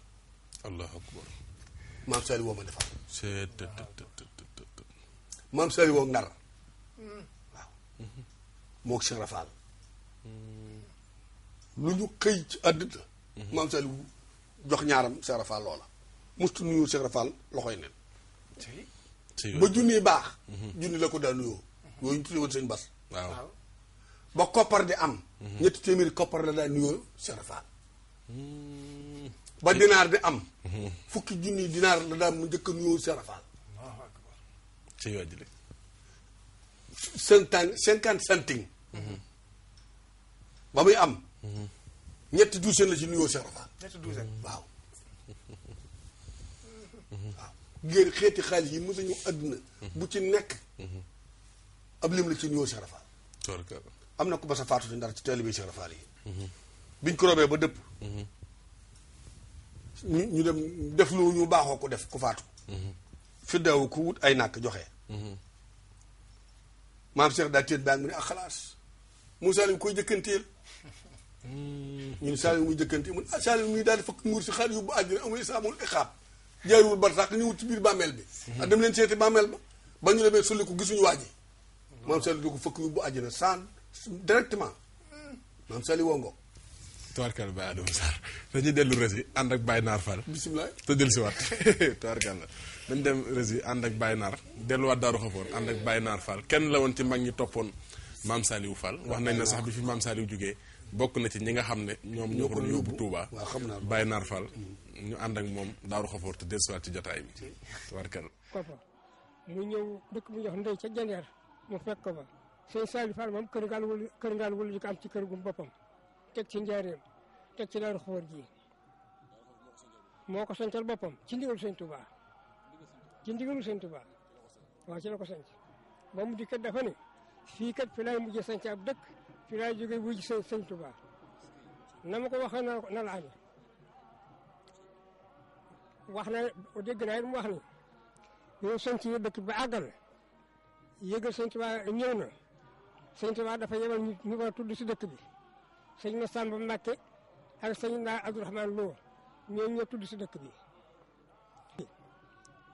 allahu akbar maam saali ma defar maam saali woo moo ko Cheikh Rafal mm. luñu ñu xëy ci àddina mhm. maam sali jox ñaaram Cheikh Rafal loola mustu nuyu Cheikh Rafal loxoy nen ba junni baax mhm. junni la ko daa nuyoo yooyu ñu tuddee woon seen bas waaw ba koppar di am mhm. ñetti téeméeri koppar la daa nuyoo Cheikh Rafal ba dinaar di am fukki junni dinaar la daa mu njëkk a nuyoo Cheikh Rafal ci yoy di cinquante centime ba muy am ñetti douzaine la ci nuyoo Cheikh Rafaal. ñetti douzaine waaw. waaw xeeti xaalis yi mos a ñëw bu ci nekk. ab lim la ci nuyoo Cheikh Rafaal. am na ku sa faatu te ndar ci teel bi Cheikh Rafaal yi. biñ ko robee ba dëpp. ñu ñu dem def lu ñu baaxoo ko def ku faatu. fi daaw ku wut ay nàkk joxe. maam Cheikh daa téet baa ngi mu ne ak ah, xalaas Moussa koy jëkkanteel. Mm-hmm. ñun Saliou muy jëkkante mun ah Saliou muy daal di fakk nguur si bu yóbbu àddina amul saamul ixaab jaaruwul barsax ñëwut ci biir bàmmeel bi mm-hmm. ah dem leen seeti bàmmeel ba ba ñu demee sulli ko gisuñu waa ji maam Saliou di ko fakk yóbbu àddina saan directement maam Saliou wongo tubaarkal Baye Adama Sarr dañuy dellu Rési ànd ak Baye Naar Fall bisimilah te dellu si waat *laughs* tubaarkal la dañ dem Rési ànd ak Baye Naar delluwaat Daaru Xafoor ànd ak Baye Naar Fall kenn la woon ci mag ñi toppoon maam Saliou Fall wax nañ na sax bi fi maam Saliou jógee bokk na ci ñi nga xam ne ñoom ñoo ko doon yóbbu Touba Baye Nar Fall ñu ànd ak moom daaru xafoor te dellusiwaat ci jotaay bi warkal kofa mu ñëw dëkk bu jox ndey ca jandeer mu fekk ko fa sëñ Saliou Fall moom kër ngaal wul kër ngaal kër gu boppam teg ci njaareem teg ci daaru xafoor moo ko sancal boppam ci ndigalu sëñ Touba ci ndigalu sëñ Touba ko sanc ba mu dikkat dafa ne fii kat fi laay mujjee sanc ab dëkk fi laa jóge wuy ji sëñ Tuubaa na ma ko wax na la amee wax na dégg naa it mu wax ni ñun sant yi dëkk ba àggal yëgal sëñ Tuubaa ñëw na sëñ Tuubaa dafa yebal ñu war a si dëkk bi sëñ Massamba Mbàkke ak sëñ naa Abdourahmane Lo ñoom ñoo si dëkk bi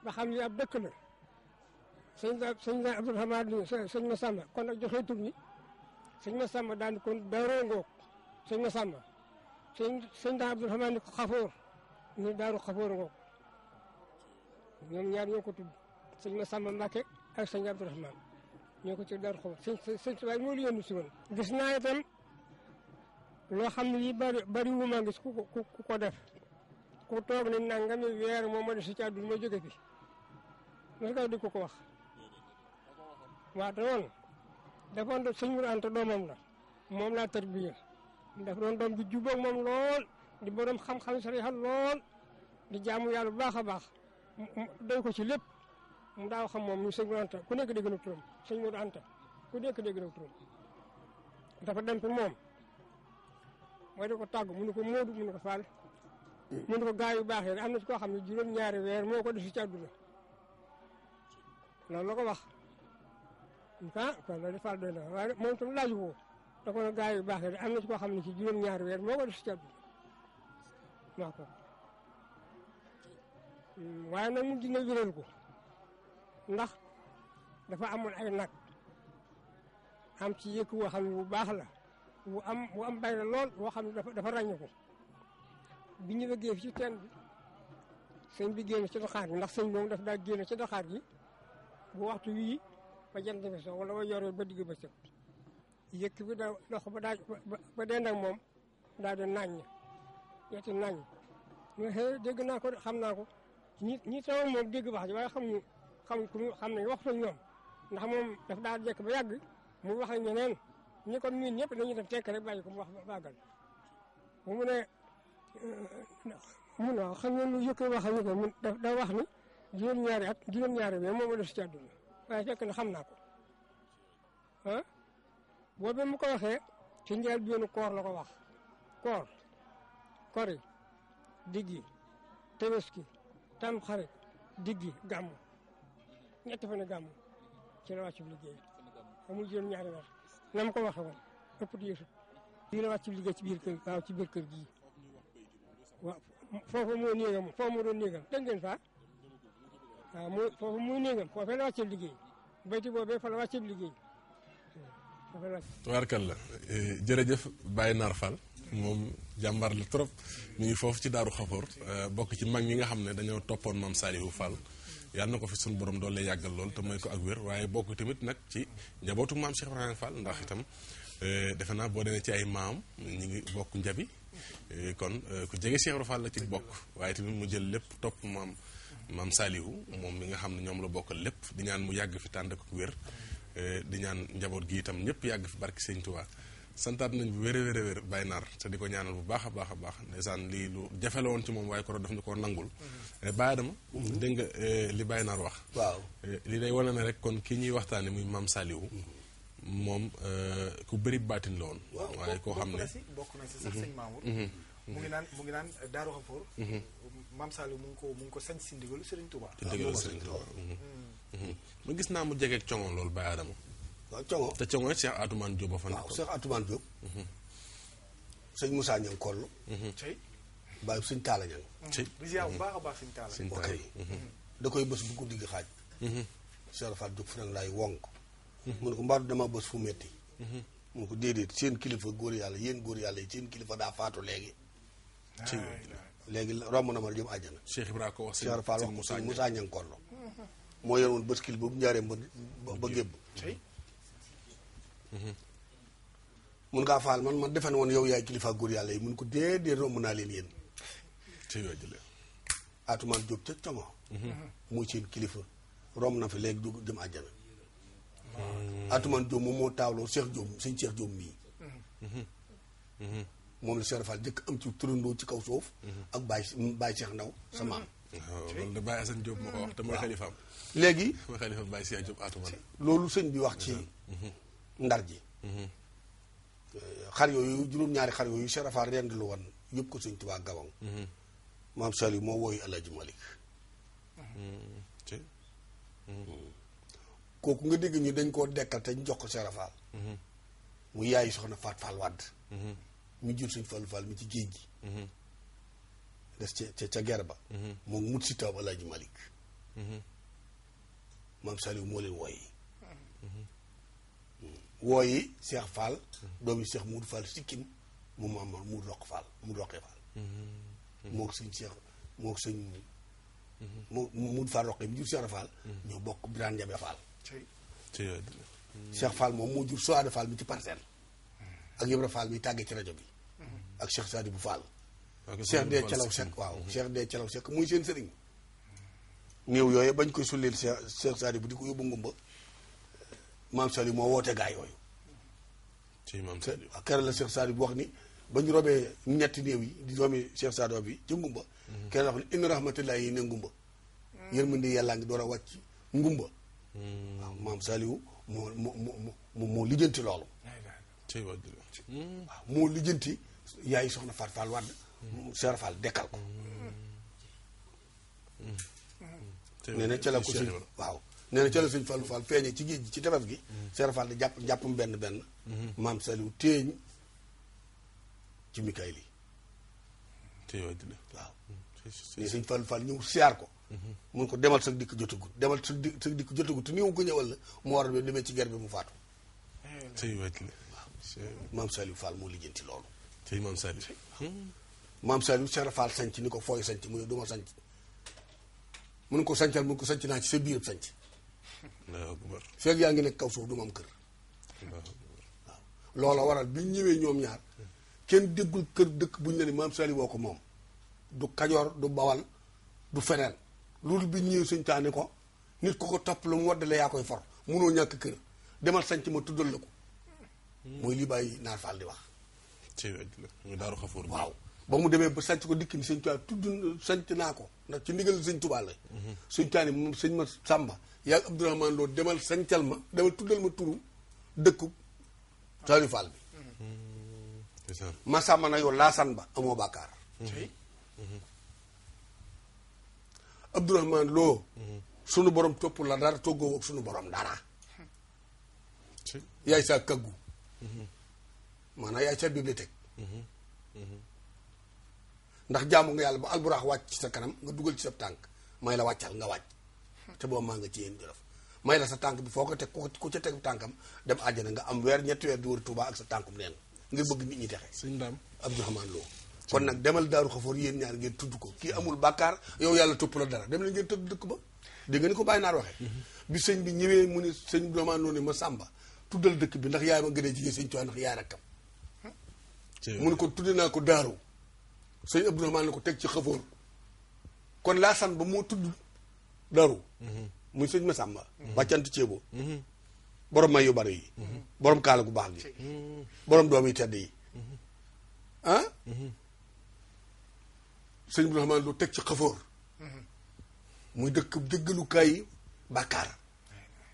ba xam ni ab dëkk la sëñ sëñ naa Abdourahmane Lo sëñ Massamba kon nag joxe tur ñi Seng Masamba daan di ko seng ngoog seng-seng sëñ Abdul Rahmaan ko xafoor ñu daaru xafoor ngoog ñoom ñaar ñoo ko tudd sëñ Masamba Mbàkke ak Abdul Rahmaan ñoo ko ci seng-seng seng sëñ tubaab mo li yónni ci won gis naa itam loo xam ne yi bari bari wu ma gis ku ko ku ko def ku toog ne nangami weer moo ma des ci àdduna ma jóge fi nga di ko ko wax waaw te woon dafa doon sëñ Mor Anta doomam la moom laa tarbiya dafa doon doom di jubóog moom lool di borom xam-xam sariha lool di jaamu yàlla bu baax a baax doy ko ci lépp mu daaw xam moom ñu sëñ Mor ku nekk dégg na turam sëñ Mor Anta ku nekk dégg na turam dafa dem fi moom mooy da ko tàggu mënu ko Moodu mënu ko Fall mënu yu baax yi am na ci koo xam ne juróom-ñaari weer moo ko def ci àdduna loolu la ko wax. ah kon loolu Fall doy na waaye moom itam laaj ko da ko gaa yu baax yi am na ci koo xam ne ci juróom-ñaari weer moo ko def si ceeb bi wax ko waaye nag mu dina jural ko ndax dafa amoon ay nag am ci yëkk woo xam ne baax la bu am bu am bay la lool woo xam ne dafa dafa ràññee ko bi ñu bëggee ci teen bi sëñ bi génn ci doxaar bi ndax sëñ moom daf daa génn ci doxaar bi bu waxtu wii ba jant bi so wala ba yore ba digg ba sëg yëkk bi da loxo ba daaj ba dend moom daal di naññ yetti naññ ñu xëy dégg naa ko xam naa ko ñi ñi taw moom dégg wax ji waaye xam ñu xam ku xam nañ wax ñoom ndax moom daf daal jekk ba yàgg mu wax ak ñeneen ñi ko miin ñëpp dañuy def tekk rek bàyyi ko mu wax bàggal bu mu ne mun waaw xam ngeen lu yëkk wax ñu ko da wax ni juróom-ñaari at juróom-ñaari bi moom a def waaye fekk na xam naa ko wo boobu mu ko waxee ci njël bienu koor la ko wax koor kori diggi tabaski tam xarit diggi gàmmu ñett fa ne gàmmu ci la wàccu liggéey amul juróom ñaari weer na mu ko waxee woon ëpp yeesu lii la wàccu ci biir kër waaw ci biir kër gii waaw foofu moo néegam foofu moo doon néegam fa waaw ah, mu foofu muy néegam foofee la wàccee liggéey bayti boobee la eh, jërëjëf bàyyi Nar Fall moom jàmbaar la trop mi ngi foofu ci Daaru Xafoor eh, bokk ci mag ñi nga xam ne dañoo toppoon maam Salihu Fall yàlla na ko fi suñu borom doole yàggal lool te mooy ko ak wér waaye bokk tamit nag ci njabootu maam Cheikh Ibrahima Fall ndax itam eh, defe naa boo demee ci ay maam ñu ngi bokk njabi kon ku jege Cheikh Ibrahima la ci bokk waaye tamit mu jël lépp topp maam. maam Salihu moom mi nga xam ne la bokkal lépp di ñaan mu yàgg fi tànd ak wér eh, di ñaan njaboot gi itam ñëpp yàgg fi barki sëñ Tuubaa santaat nañ bu wér a wér a wér bay naar a a la woon ci moom waaye koro daf ñu ko nangul eh, bàyyi dama dégg nga eh, li bay naar wax waaw li day wane ne rek kon ki ñuy waxtaane muy maam Salihu moom ku bëri baatin la woon waaye koo xam ne bokk na si sax mhm. sëñ Mamour mhm. mu ngi naan mu ngi naan Daaru Xafoor mhm. Mm. Mm-hmm. Mm-hmm. ma gis naa mu jegeeg Congo loolu Baye Adama. waaw Congo te Congo Cheikh Atoumane Diop ba fa nekkoon waaw Cheikh Atoumane Diop. Mm-hmm. sëñ Moussa Niang Koll. bàyyi suñ taala a taala ok da koy bés bu guddi gi xaaj Cheikh Rafat jóg fu nag laay wonk mun ko mbaadu dama bés fu metti mun ko déedéet seen kilifa góor yàlla yéen góor yàlla yi seen kilifa daa faatu léegi léegi romb na ma jëm àjjana. Cheikh Ibrahima ko wax Cheikh Fall wax moo yoroon bëskil boobu njaareem ba ba gébb mhm. mun ngaa man man defe woon yow yaay kilifa góor yàlla yi mun ko déedéet romb naa leen yéen atumaan jóob mhm. kilifa romb na fi léegi jóg jëm mhm. moom moo taawloo Cheikh Jóob sëñ Cheikh Jóob mii moom la Cheikh Fall njëkk am ci turandoo ci kaw suuf. Mhm. ak Baye Baye Cheikh Ndaw sa maam. waaw mhm. ah, loolu de Baye Assane Diop moo léegi mooy xalifaam Baye *laughs* loolu sëñ bi wax ci mhm. ndar ji. Euh, xar yooyu juróom-ñaari xar yu Cheikh Fall rend lu woon yëpp ko sëñ Tuubaa Gabon. maam Saliou moo wooyu El Hadj mm. kooku nga dégg ñu dañ koo dekkal te ñu jox ko Cheikh Fall. mu yaayu soxna Faat Fall Wade. mu jur suñ Fallu Fall mi ci géej gi mhm. des ca ca ca gerba mhm. moom mut si taab Alaaji Malik mhm. maam Saliou moo leen wooyi mm. wooyi Seex Fall doomi Seex Mudu Fall sikkim mu maam mu roq Fall mu roqee Fall moo suñ Seex moo suñ mu Mudu Fall roqee mu jur Seex Fall ñoo bokk Biraan Njabe Fall Seex Fall moom moo jur Soade Fall mi ci parcelle ak Ibra Fall mi tàggee ci rajo bi mm-hmm. ak Cheikh Sadibou Fall Cheikh de Calaw Seck waaw Cheikh de Calaw Seck muy seen sëriñ mm-hmm. néew yooyu bañ koy sullil Cheikh bu di ko yóbbu ngumba maam Saliou moo woote gaa yooyu waaw keroog la Cheikh Sadibou wax ni ñetti néew yi di Cheikh Sadibou bi ci ngumba mm-hmm. keroog la wax ni inna rahmatullahi ngi door a wàcc ngumba waaw maam Saliou moo moo moo moo lijjanti loolu Hmm. Ah, moo lijjanti yaay soxna Faat Fall Wade hmm. Cheikh Fall dekkal ko hmm. nee na ca la ko suñ waaw nee na suñ Fall Fall feeñe ci géej gi ci tefes gi Cheikh Fall di jàpp jàppam benn benn maam Saliou téeñ ci Mikaayil yi waaw ni suñ Fall Fall ñëw siyaar ko mun ko demal sa dikk jotagut demal sa dikk jotagut te nii ko ñëwal la moo war a demee ci ger bi mu faatu maam Saliou Fall moo lijjanti loolu. tey maam Saliou. maam Saliou Serap Fall sanc ni ko fooy sanc mu ne du sanc mun ko sancal mun ko sanc naa ci biir sanc. feeg yaa ngi nekk kaw suuf du ma am kër. bi ñëwee ñoom ñaar kenn kër dëkk bu ñu la ne maam ko moom du Kajoor du Bawal du feneen loolu bi ñëwee sëñ ko nit ku ko topp lu mu waddale yaa koy for munoo ñàkk kër demal sanc ma tuddal la ko. mooy li bàyyi naar Fall di ba mu demee ba sànc ko dikk ni sëñ Tuubaa tudd sànc naa ko ndax ci ndigal sëñ Tuubaa la. Mhm. sëñ Tuubaa ni moom sëñ ma Sàmba yaa Abdourahmane Lo demal sàncal ma demal tuddal ma turu dëkku Saliou Fall bi. Mhm. ma sàmba na yow laasan ba amoo bàkkaar. Mhm. Abdourahmane Lo. sunu borom topp la dara toggoo ak sunu borom dara. yaay saa kaggu. maanaam yaay sa bibliothèque. Mhm. Mhm. ndax jaamu nga yàlla ba alburaax wàcc ci sa kanam nga dugal ci sa tànk may la wàccal nga wàcc. te boobu maa nga ci yéen jolof may la sa tànk bi foo ko teg ku ca teg tànkam dem àjjana nga am weer ñetti weer di wër Tuuba ak sa tànkum neen ngir bëgg nit ñi texe. sëñ Dame Abdourahmane Lo kon nag demal daaru xafoor yéen ñaar ngeen tudd ko kii amul bàkkaar yow yàlla topp la dara dem leen ngeen tëdd dëkk ba dégg nga ni ko bàyyi naar waxee. Mhm. bi sëñ bi ñëwee mu sëñ bi doomaan ma sàmba tuddal dëkk bi ndax yaa ma gën a jigéen sëñ Tuubaa ndax yaa rakkam mu ko tudde naa ko daaru sëñ Abdourahmane ne ko teg ci xëfoor kon laa san ba mu tudd daaru mhm. muy sëñ Masamba mhm. bàccant ceeboo mhm. borom may yu bari yi borom kaala gu baax gi borom doom yi tedd yi ah sëñ lu teg ci xëfoor muy dëkk dëggalukaay bàkkaar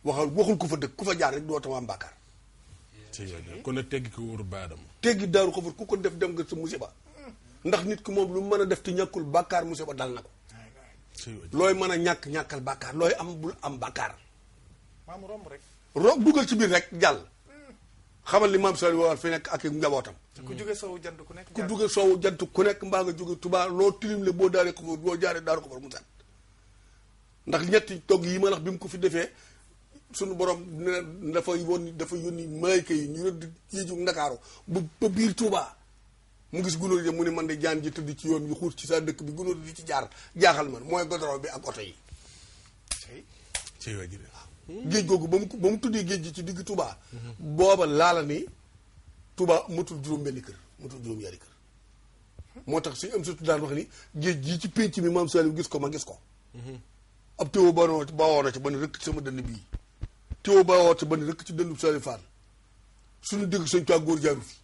waxal waxul ko fa dëkk ku fa jaar rek doo tamaam bàkkaar kon nag teggi ko wóoru baadam teggi daaru xafar ku ko def dem nga su sa musiba ndax nit ki moom lu mën a def te ñàkkul bàkkaar musiba dal na ko looy mën a ñàkk ñàkkal bàkkaar looy am bul am bàkkaar maam romb rek romb dugal ci biir rek jàll xamal li maam Saliou waxal fi nekk ak njabootam ku jóge soowu jant ku nekk ku jóge soowu ku nekk mbaa nga jóge Tuubaa loo tilim le boo daaree ko boo jaaree daaru ko far mu ndax ñetti togg yi ma lax bi mu ko fi defee suñu borom ne dafa yónni dafa yónni malayka yi ñu rëdd yéju ndakaaru ba biir Touba mu gis gunóor ji mu ne man de jaan ji tëdd ci yoon yi xuur ci sa dëkk bi gunóor di ci jaar jaaxal man mooy goudron bi ak oto yi. géej googu ba mu ba mu tuddee géej gi ci digg tubaa mhm. booba laala ni tubaa matul juróom-benni kër matul juróom-ñaari moo tax suñu am surtout daan wax ni géej gi ci pénc mi maam Saliou gis ko ma gis ko. Mhm. ab teewoo ba woon na ci ba rëkk sama dënn bii. tiwo ba wote bani rek ci dëndub sali faal suñu dégg sëñ tuwaa góor jaaru fi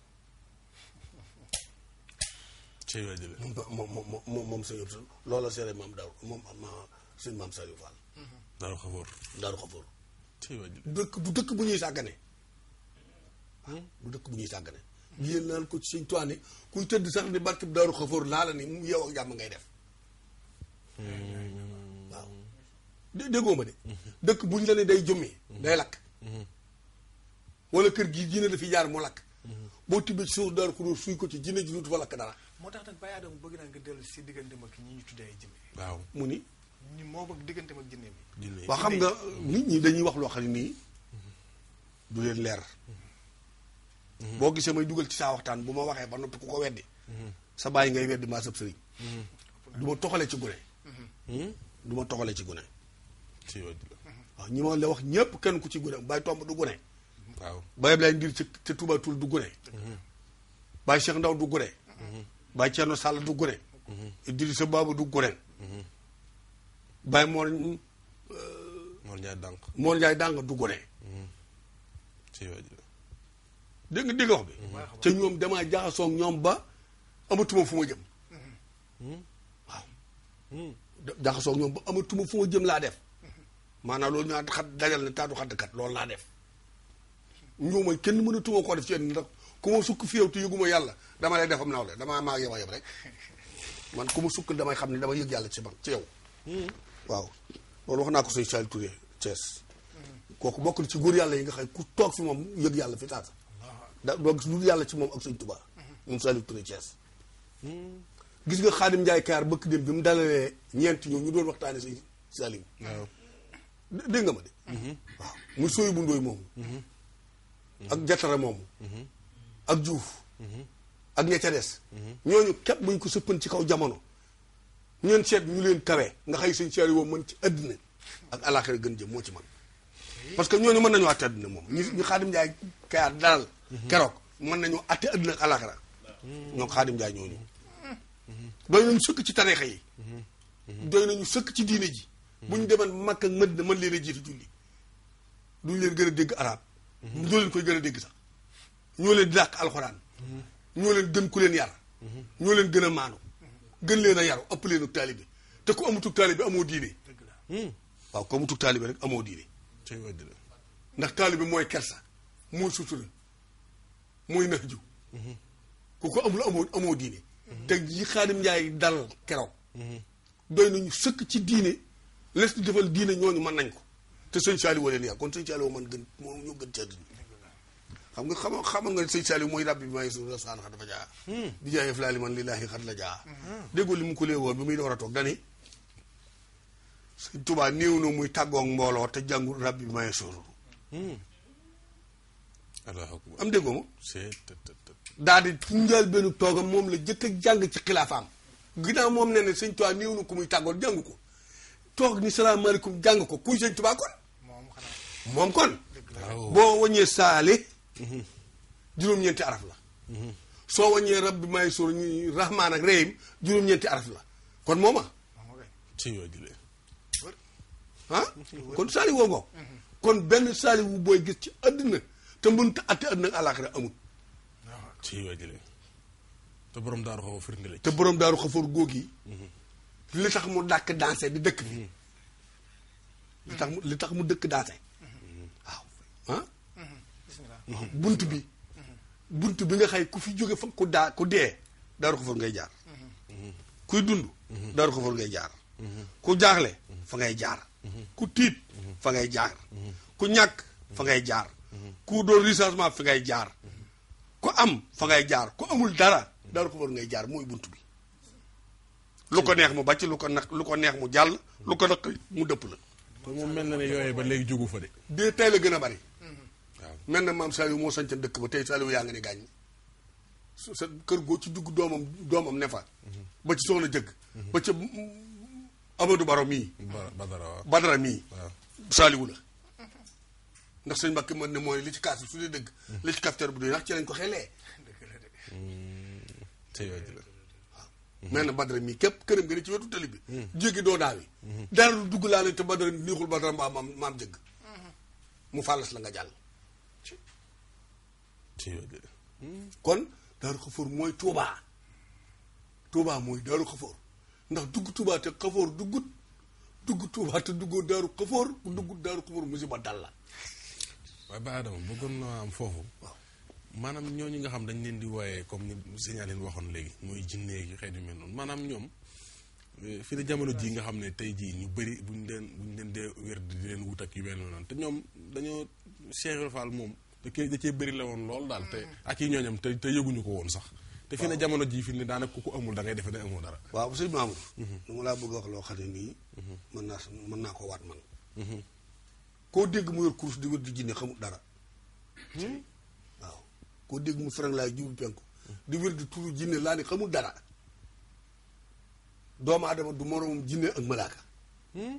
moom moom mom mom sëñ Abdou loola seere mam daw mom ma sëñ maam saliou fall daaru xafoor daaru xafoor dëkk bu dëkk bu ñuy sagane sàggane bu dëkk bu ñuy sagane yeen naan ko ci sëñ tuwaa ni kuy tëdd sax ni barki daru xafoor la la ni mu yow ak jàmm ngay def hmm. waaw déggoo ma de hmm. dëkk bu ñu la day jëmmee day lakk wala kër gii jinne dafiy jaar mu lakk boo tibbee ci suuf daaru xudóor suy ko ci jinne ji duutu fa lakk dara moo tax nag Baye Adama bëgg naa nga dellu si diggante mag ñu tuddee ay jinne waaw mu ni ñi moo diggante mag jinne bi waaw xam nga nit ñi dañuy wax loo xam nii du leen leer boo gisee may dugal ci saa waxtaan bu ma waxee ba noppi ku ko weddi sa bàyyi ngay weddi maa sab sëriñ mm-hmm. du ma toxale ci gune mm-hmm. du ma toxale ci gune waaw ñi ma la wax ñëpp kenn ku ci gune Baye Tomb du gune waaw Baye Ablaye Ndir ci ci Touba du gune mhm. Baye Cheikh Ndaw du gune mhm. Baye Thierno Sall du gune mhm. Idrissa du gune Baye Mor euh, Mor Ndiaye du gune nga dégg wax bi ca ñoom damaa jaxasoog ñoom ba amatuma fu ma jëm waaw jaxasoog ñoom ba amatuma fu ma jëm laa def maanaam lool ñu naan xat dajal na taatu kat loolu laa def ñëw ma kenn mënatuma koo def ci ndax ku ma sukk fi yow te yëguma yàlla dama lay defam nawle damaa maa yow a rek man ku sukk damay xam ne dama yëg yàlla ci man ci yow. waaw loolu wax naa ko sëñ Saliou Touré Thiès. ci góor yàlla yi nga xam ku toog fi moom yëg yàlla fi taata. da doo gis lu yàlla ci moom ak sëñ Tuubaa. moom Saliou Touré Thiès. nga Xaadim Njaay Kaar bëkk dem bi mu dalalee ñeent ñoom ñu doon waxtaanee si Saliou. dégg nga ma de. waaw muy sooy bu ndooy moomu. ak jatara moomu. ak juuf. ak ña des. ñooñu képp buñ ko sëppan ci kaw jamono. ñeen seet ñu leen kawe nga xëy sëñ Saliou woo mën ci àddina ak alaaxira gën jëm moo ci man parce que ñooñu mën nañoo àtte àddina moom ñu ñu Xaadim Njaay kayaat daal keroog mën nañoo àtte àddina ak alaaxira ñoom Xaadim Njaay ñooñu doy nañu sëkk ci tarixa yi doy nañu sëkk ci diine ji bu ñu demoon Makka ak Madina leen a jiitu julli duñ leen gën a dégg arab mhm. ñoo leen koy gën a dégg sax ñoo leen di dàq alxuraan mhm. ñoo leen gën ku leen yar mhm. ñoo leen gën a maanu gën leen a yaru ëpp leen ak taalibe te ku amutug taalibe amoo diine hmm. waaw ku amutug rek amoo diine ndax taalibe mooy kersa mooy sutura mooy nax ju ku ko amul amoo amoo diine te yi Xaadim Njaay dal keroog doy nañu sëkk ci diine les ñu defal diine ñooñu man nañ ko te sëñ Saaliw woo leen yaa kon sëñ Saaliw man gën moo ñoo gën ci àddina xam nga xamoon xamoon nga ne sëñ Saaliw mooy rabbi bi maa ngi suñu rasaan xat dafa hmm. man lillaahi xat la jaa hmm. déggoo li mu kulee woon bi muy door a toog dani sëñ Tuubaa néew na muy tàggoog mbooloo te jàngul rabbi bi maa ngi suuru am déggoo ma daa di ci njaal benn toogam moom la jëkk a jàng ci xilaafaam ginnaaw moom ne ne sëñ Tuubaa néew na ku muy tàggoon jàngu ko toog ni salaamaaleykum jàng ko kuy sëñ Tuubaa kon moom kon boo wañee saali mhm. juróom-ñeenti araf la mhm. soo waññee rabbi may suur ñu rahmaan ak rehim juróom-ñeenti araf la kon mooma ah kon saali woo ngoo mhm. kon benn saali wu booy gis ci àddina te mënta atte àddina ak àllaaxira amul ah. te borom daaru xafoor firnde la te borom daaru xafoor góog yi li tax mu dakk danse bi dëkk bi li tax mu dëkk danse bunt bi bunt bi nga xay ku fi jóge fa ku daa ku dee daaru ko for ngay jaar kuy dund daaru ko for ngay jaar ku jaaxle fa ngay jaar ku tiit fa ngay jaar ku ñàkk fa ngay jaar ku doon recensement fi ngay jaar ku am fa ngay jaar ku amul dara daaru ko for ngay jaar mooy bunt bi lu ko neex mu bàcc lu ko na lu ko neex mu jàll lu ko naq mu dëpp la kon moom mel na ne yooyee ba léegi jógu fa de de tey la gën a bari mm-hmm. mel na maam Saliou moo sanc dëkk ba tey Saliou yaa nga ne kër goo ci dugg doomam doomam ne fa mm-hmm. ba ci soxna jëkk mm-hmm. ba ca Amadou Baro mii Badara mii Saliou la ndax sëñ Mbàkke mën ne mooy li ci kaas su dee dëgg li ci kafteer bu dee ndax ci lañ ko xelee mel na badara mii képp këram gi ne ci wetu tali bi jéggi doo daawi dara dugg laa la te badara niixul badara mbaa maam maam jëgg mu fàllas la nga jàll kon daaru xafoor mooy tuubaa tuubaa mooy daaru xafoor ndax dugg tuubaa te xafoor duggut dugg tuubaa te duggoo daaru xafoor ku duggut daaru xafoor musiba dal la waaye ba Adama bëggoon naa am foofu maanaam ñooñu nga xam dañ leen di wooyee comme ni signalé waxoon léegi mooy jinne yi xeet yu mel noonu maanaam ñoom euh, fi ne jamono jii nga xam ne tey jii ñu bëri bu ñu leen bu ñu leen dee wér di leen wut ak yu mel noonu te ñoom dañoo Cheikh Fall moom da cee da cee bëri la woon lool daal te mm. ak yi ñooñam te te yëguñu ko woon sax. te fi jamono jii fi ne daanaka ku ko amul da ngay defe ne amoo dara. waaw sëñ mm-hmm. laa bëgg wax loo xam ne mm-hmm. mën naa mën naa waat man. Mm-hmm. koo dégg mu yor course di wër di jinne xamul dara. Hmm? ko dégg mu frang laa jiwu penku di wér di turu jinne laa ni xamul dara doomu adama du moromum jinne ak malaaka hmm?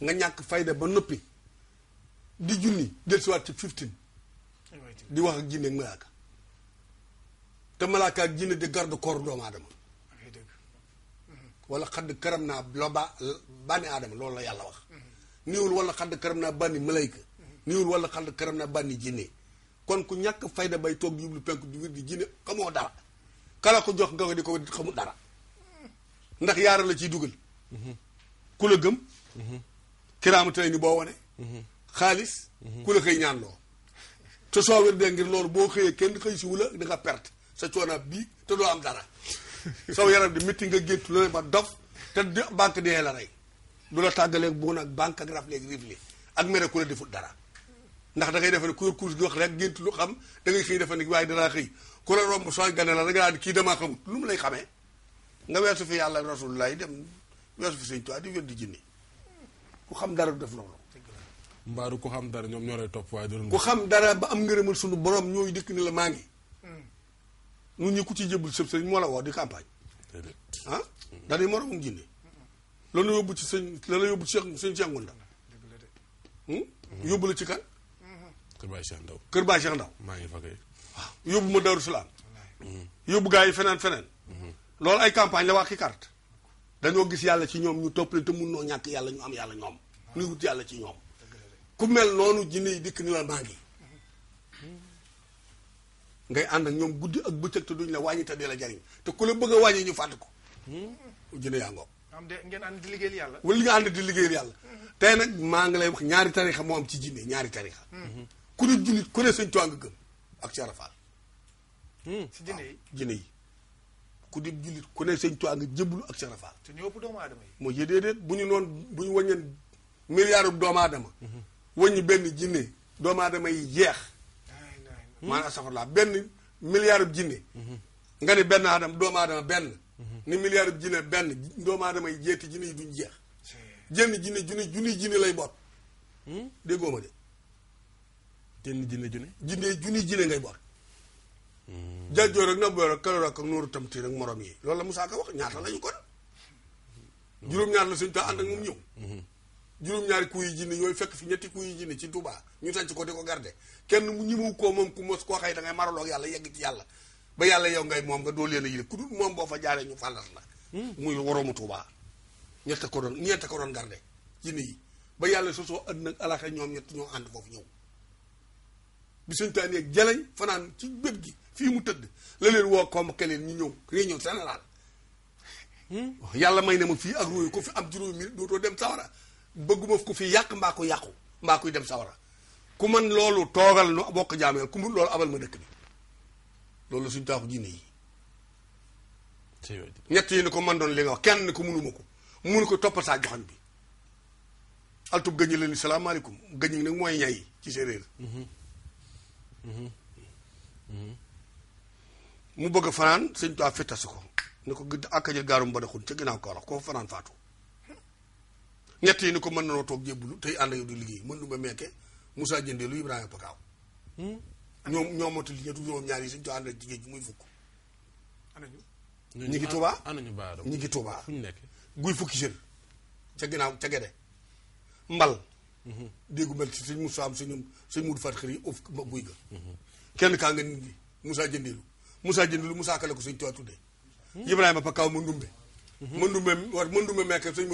nga ñàkk fayda ba noppi di junni del siwaat ci 15 di wax ak jinne ak malaaka te malaaka ak jinne di garde corps doomu adama wala xadd karam naa bani adama loolu la yàlla wax niwul wala xadd karam naa bani malayka néewul wala xal karam na bànni jinne kon ku ñàkk fayda bay toog di yublu penk di wér di jinne xamoo dara kala jox nga ko di ko wér xamul dara ndax yaara la ciy dugal mhm. ku la gëm mhm. kiraamatay ni boo wane mhm. xaalis ku la xëy te soo wér dee ngir loolu boo xëyee kenn xëy si wula da nga perte sa coonaab bii te doo am dara *laughs* saw yaram di métti nga géttu la ba dof te banque dee la rey du la tàggaleeg buun ak banque ak raf léegi rifli ak mere ku la deful dara ndax dangay ngay defe ku yor kurus gi wax rek gént lu xam da ngay xëy defe waaye danaa xëy ku la romb sooy gane la da nga naan kii damaa xamut lu mu lay xamee nga weesu fi yàlla rasulullah yi dem weesu fi sëñ di wér di jinne xam dara def loolu mbaaru ku xam dara ñoom ñoo lay topp waaye ku xam dara ba am ngërëmal sunu borom ñooy dëkk ni la maa ngi ñun ñi ci jëbul sëb sëñ moo la di campagne ah dañuy moromam loolu yóbbu ci sëñ la la yóbbu ci sëñ sëñ Cheikh Ngounda hmm? yóbbu la ci kan kër Baye Cheikh Ndaw kër Baye Cheikh Ndaw maa ngi fa kay yóbbu ma Daaru Salaam mm-hmm. yóbbu gars yi feneen feneen mm-hmm. loolu ay campagne la wàkki carte dañoo gis yàlla ci ñoom ñu toppale te ñàkk yàlla ñu am yàlla ñoom ñu wut yàlla ci ñoom ku mel noonu jinne yi dikk ni la maa ngi ngay ànd ak ñoom guddi ak bëccëg te duñ la wàññi te di la jariñ te ku la bëgg a wàññi ñu ko mm-hmm. jinne yaa ngoog am de ngeen ànd di liggéeyal yàlla wala nga ànd di liggéeyal yàlla tey nag maa ngi lay wax ñaari tarixa moo am ci jinne ñaari tarixa ku dul jullit ku ne sëñ Tuubaa nga gëm ak Cheikh Rafal. Hmm, si ah, nga jébbalu ak Cheikh Rafal. te ñoo ëpp doomu bu ñu noon bu ñu wàññeen milliard doomu aadama. Mhm. wàññi benn jinne doomu aadama yi jeex. maanaam astafurlah benn milliard jinne. Mhm. nga ni benn aadama doomu aadama benn. Mhm. ni milliard jinne benn doomu aadama yi jeeti jinne yi duñ jeex. jenn jinne junni jinne lay boot. Hmm? déggoo ma de. tenn jinne june jinne junni jinne ngay bor jajjo rek na boor ak kala ak nooru tamti rek morom yi loolu la Moussa ka wax ñaata lañu kon juróom ñaar la suñ ta ànd ak moom ñëw juróom ñaari kuy jinne yooyu fekk fi ñetti kuy jinne ci Touba ñu tànc ko di ko garde kenn mu ñimu ko moom ku mos koo xëy da ngay maraloog yàlla yegg ci yàlla ba yàlla yow ngay moom nga doo leen a ku dul moom boo fa jaaree ñu fàllas la muy waroomu Touba ñett ko doon ñeent ko doon garde jinne yi ba yàlla sosoo ëdd nag alaxe ñoom ñett ñoo ànd foofu ñëw bi suñ taan yeeg fanaan ci bët gi fii mu tëdd la woo convoqué ñu ñëw réunion générale hmm? yàlla may na ma fii ak ruuy ko fi am juróomi minute dootoo dem ko fi yàq mbaa yàqu mbaa dem sawara ku man loolu toogal nu bokk jaameel ku mun ma dëkk loolu suñ taaxu jinne yi ñett yi ni ko man doon li nga wax kenn ko munuma ko munu ko toppal saa joxoñ bi altub gëñi leen salaamaaleykum nag mooy ñay ci séeréer mm-hmm. mu bëgg a fanaan sëñ Tuubaa fettasi ko gëdd ak jël gaarum ba daxun ca ginnaaw Kaolack koo fanaan faatu ñett yi ni ko mën nanoo toog jébbulu tey ànd yow di liggéey mën lu ma meeke Moussa Jëndee lu Ibrahima Pakaaw hmm? ñoom ñoo motu li ñetti juróom ñaar yi sëñ Tuubaa ànd ak jigéen ji muy fukk ñu ngi Tuubaa ñu ngi Tuubaa guy fukki jër ca ginnaaw ca gede mbal Mm-hmm. déggu mel ci sëñ Moussa am sëñ sëñ Moudou Fatou Khari of buy ga mm-hmm. kenn kaa nga nit ñi Moussa jëndilu Moussa jëndilu Moussa kale ko sëñ Tuubaa tuddee mm-hmm. Ibrahima Pakaaw ma ndumbe ma ndumbe war ma ndumbe mekke sëñ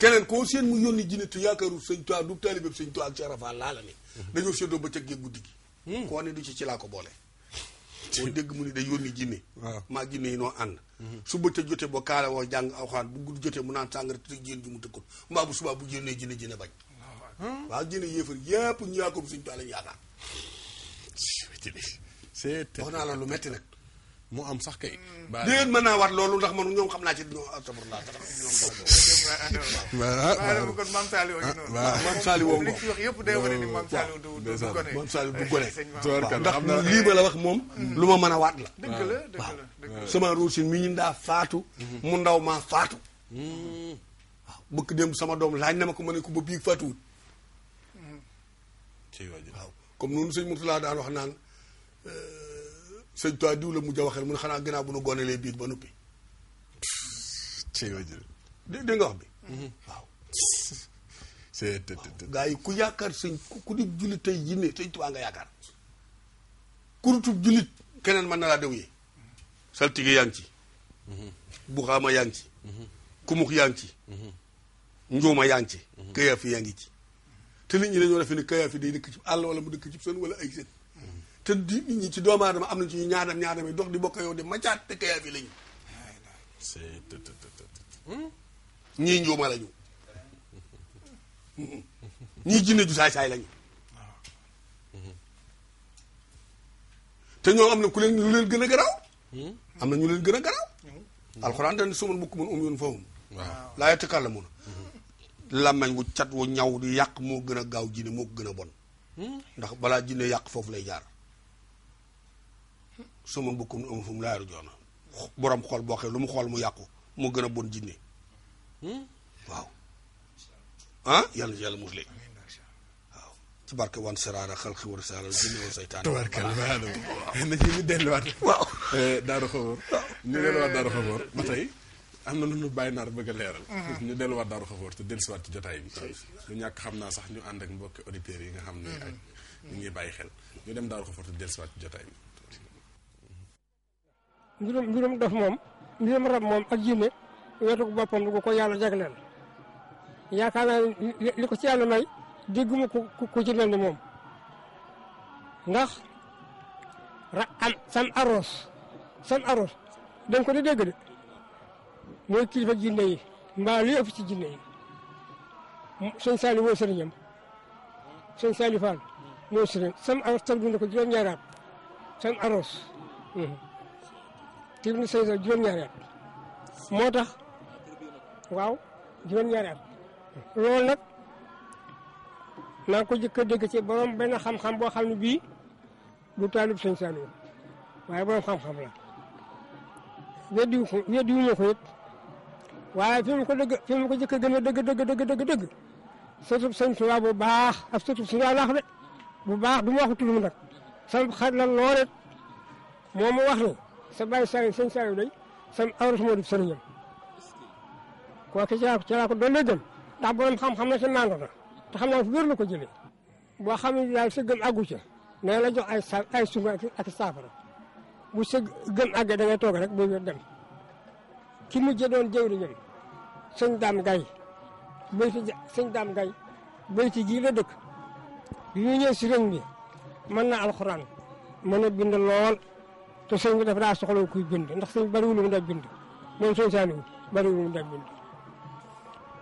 kenn koo seen mu yónni jinnitu yaakaaru sëñ Tuubaa du taalibe sëñ Tuubaa ak Cheikh Rafal laa la ni dañoo séddoo bëccëg guddi gi koo ne du ci ci laa ko boole boo dégg mu ni da yónni jinne waaw maa jinne yi noo ànd mm-hmm. suba te jotee ba kaala woo jàng awxaan bu gudd jotee mu naan sàngara te jén ju mu tëkkul mbaa bu subaa bu jénnee jinne jinne bañ waaw jinne yéefar yëpp ñu yaakob suñu toile lañu yaakaar wax naa la lu metti nag mu am sax kay. Mm. déedéet mën naa war loolu ndax man ñoom xam naa ci ñoom alhamdulilah. waaw *laughs* waaw kon maam Saliou a ngi noonu. Ah, maam Saliou day wane ni maam Saliou du du lii ma la wax moom. Mm. lu ma mën a waat la. dëgg la dëgg la waaw sama ruusin mi ñu daa faatu. Mm-hmm. mu ndaw maa faatu. Mm. waaw bëgg dem sama doom laaj na ma ko ma ne ko ba biig faatuwul. Mm-hmm. waaw comme noonu sëñ Mourtala sëñ Tuubaa diw la mujj a waxee mu xanaa ginnaaw bu nu gonelee biir ba noppi. dé dégg yi ku yaakaar sëñ ku di jullit tey jinne sëñ Tuubaa nga yaakaar. keneen mën na laa déw yee. saltige yaa ngi ci. buxaama yaa ci. kumux yaa ngi ci. njuuma yaa ngi ci. kayafi yaa ci. te nit ñi dañoo defe ni kayafi day dëkk ci àll wala mu dëkk ci seen wala ay seen. te di nit ñi ci doomu aadama am nañ ci ñu ñaadam ñaadam dox di bokk yow di macaat te teew fi lañu. Hmm? njuuma lañu ñii jinne ju saay saay lañu. ñoo am na ku leen leen gën a garaaw. Hmm? am na ñu leen gën a garaaw. Hmm. alxuraan dañu suman bukk mun um yoon fahum. waaw laa yatakallamuun. làmmañ wu cat wu ñaw di yàq moo gën a gaaw jinne moo gën a bon. ndax balaa jinne yàq foofu lay jaar. suma mbokkum amu fu mu laaru joona borom xool boo xam lu mu xool mu yàqu mu gën a bon jinne hmm? waaw ah yàlla na yàlla mus leen waaw ci barke wan saraara xal xi war saraara jinne woon ñu delluwaat waaw eh, daaru xaboor ñu delluwaat daaru xaboor ba tey am na lu nu bàyyi naar bëgg a leeral mm-hmm. ñu delluwaat daaru xaboor te dellusiwaat ci jotaay bi lu ñàkk xam naa sax ñu ànd ak mbokki auditeurs yi nga xam ne mm-hmm. ak ñu ngi bàyyi xel ñu dem daaru xaboor te dellusiwaat ci jotaay mbirum mbirum dof mom mbirum rab mom ak jinne wetu boppam gu ko yàlla jagleel ya naa liko ci yalla may dégguma ko ko ci melni mom ndax ra am san aros san aros dang ko di deg de mooy kilifa jinne yi mbaa li ëpp ci jinne yi sëñ Saliou mooy sëriñam sëñ sali Fall mo sëriñ sam aros tan dund ko juróom ñaaraat san aros mhm. tribunal seize heures juróom-ñaari at moo tax waaw juróom-ñaari at loolu nag naa ko jëkk a dégg ci borom benn xam-xam boo xam ne bii du taalib sëñ Saliou waaye borom xam-xam la weddiwu ko weddiwu ma ko it waaye fi mu ko dëgg fi mu ko jëkk a gën a dëgg dëgg dëgg dëgg dëgg bu baax ak sëtub sëñ Tuubaa laax de bu baax du ma wax ko turam nag sama xarit la loolet moo ma wax ni sa bàyyi sari sëñ sari day sam awras moo di sëriñam kooku ci laa ko ci laa ko doon xam-xam na ci maandu na te xam naa fu wér la ko jëlee boo xam ne daal sa gëm àggu ca nee la jox ay sa ay sunga ak saafara bu sa gën àggee da ngay toog rek boo wér dem ki mujjee doon jëwriñam sëñ daam gay bay ci sëñ gay bay ci jii la dëkk yu ñëw si réew mi mën na alxuraan mën na bind lool te sëñ bi dafa daa soxla kuy bind ndax sëñ bi bëriwul lu mu daan bind moom sëñ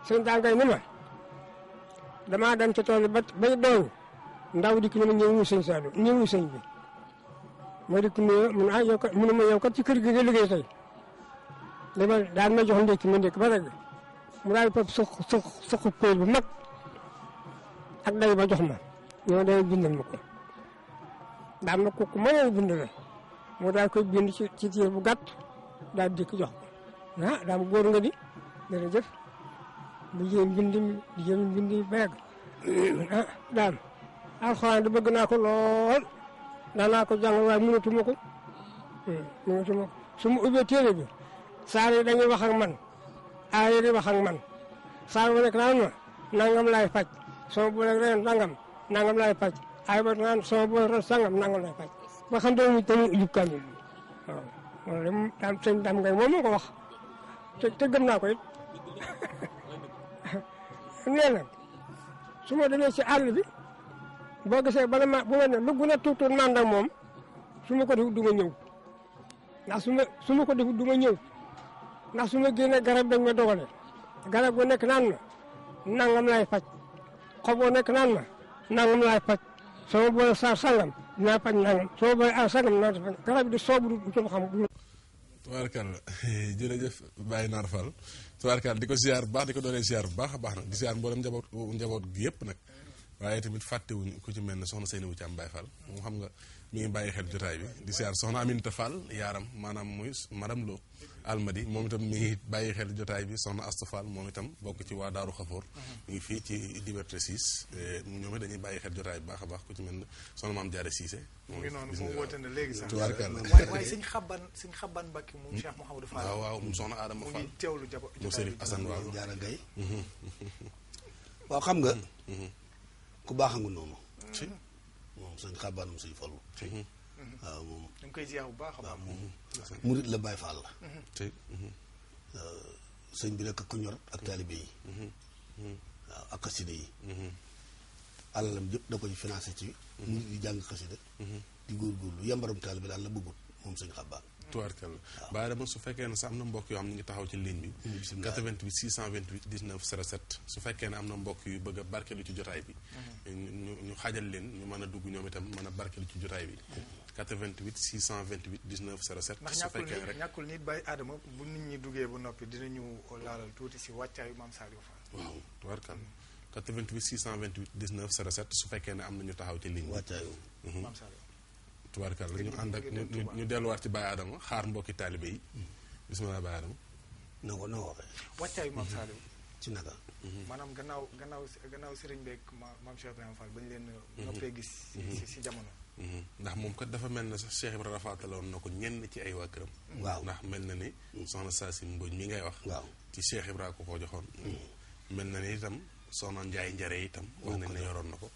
Saliou ma damaa dem ca tool ba bay doow ndaw dikk ma ñëwu sëñ Saliou ñëwu sëñ bi ma dikk ah ma yow kat ci kër gi nga liggéey tey jox ndékki ma ndékki ba rek mu daal fab bu mag ak day ba jox ma ñoo day bindal ma ko daan ma ko ku mënoon bind mo daal ko bind ci ci tiir bu gàtt daal dik jox na ah, da daa mu góor nga di jef mu yeen bind mi yeen jéem bind mi beeg ah daal alxuraan di bëgg naa ko lool danaa ko jàng mu tu ko mu hmm, tu su sumu ubbee téere bi saar yi dañuy wax ak man aaya di wax ak man saar bu nekk na nangam lay fajj so bu nekk nangam nangam lay fajj ay ba nan so bu rek sangam nangam lay fajj ba xam itu dañu ujub kaamil bi waaw loolu de moom daal sëñ Dame Ngaye ini lah, semua dari na si àll bi boo gisee bala ma bu ma ne lu gën a tuutuut mom ak moom su ma ko defut du ma ñëw ndax su ma su ma ko defut du ma ñëw ndax garab dañ ma garab gu nekk naan nangam laay nangam naa pañ naa ngam soo bay aw sangam naa pañ garab di soobu du ko xam tubaarkal jërëjëf Baye Naar Fall tubaarkal di ko ziar bu di ko doonee ziar bu baax a baax nag di ziar mboolem njaboot njaboot gi yëpp nag waaye tamit fàttewuñ ku ci mel ne soxna Seynabou Thiam Baye Fall mu xam nga mu ngi bàyyi xel jotaay bi di ziar soxna Aminta Fall yaaram maanaam muy madame Lo almadi moom itam mi ngi bàyyi xel jotaay bi soxna Astafal moom itam bokk ci waa Daaru Xafoor mhm. mi ngi fii ci Liberté 6 eh, ñoom dañuy bàyyi xel jotaay bi baax a baax ku ci mel ne soxna maam Jaare Siise moom woote na léegi sax waaye sëñ xaban sëñ xaban Mbàkke moom hmm. Cheikh Mouhamadou Fall ah, waaw waaw mu soxna Adama Fall mu ngi teewlu jabo mu Sërif Asan waaw Jaara Gay hmm. waaw xam nga hmm. ku baax nga noonu moom sëñ xaban mu sëñ Fallu waaw moom dañ koy ziar bu baax a baax moom murit la Baay Faal la mhm. te mhm. Euh, bi rek ak ko ñor ak taalibe yi mhm, waaw ak xasida yi alalam jëpp da ko ci financé ci murit yi jàng xasida di góorgóorlu yambaram taalibe daal la bëggut moom sëñ xabbaan tubaarkal la bàyyi dama su fekkee ne sax am na mbokk yoo xam ne ñu ngi taxaw ci ligne bi 88 628 19 07 su fekkee ne am na mbokk yu bëgg a barkeelu ci jotaay bi ñu xajal leen ñu mën a dugg ñoom itam mën a barkeelu ci jotaay bi 88 628 19 07. ndax ñàkkul ni ñàkkul ni Baye Adama bu nit ñi duggee ba noppi dinañu laalal tuuti si wàccaayu Mame Saliou Fall. waaw tubarkalla 88 628 19 07 su fekkee ne ñu taxaw ci ligne bi. wàccaayu mhm. Mame Saliou. tubarkalla ñu ànd ak ñu delluwaat ci Baye Adama xaar mbokki taalibe yi mhm. bisimilah Baye Adama. na ko na ko waxee. wàccaayu mhm. ci naka. maanaam gannaaw gannaaw gannaaw Serigne Beek Mame Cheikh Ibrahima Fall ba ñu leen. noppee gis si si jamono. Mhm. ndax moom kat dafa mel na sax Cheikh Ibra rafaataloon na ko ñenn ci ay waa këram. waaw ndax mel na ni. Mhm. soxna Saasi Mbodj mi ngay wax. waaw ci Cheikh Ibra ko joxoon. Mhm. mel na ni itam soxna Njaay Njare itam. wax nañ ne yoroon na ko.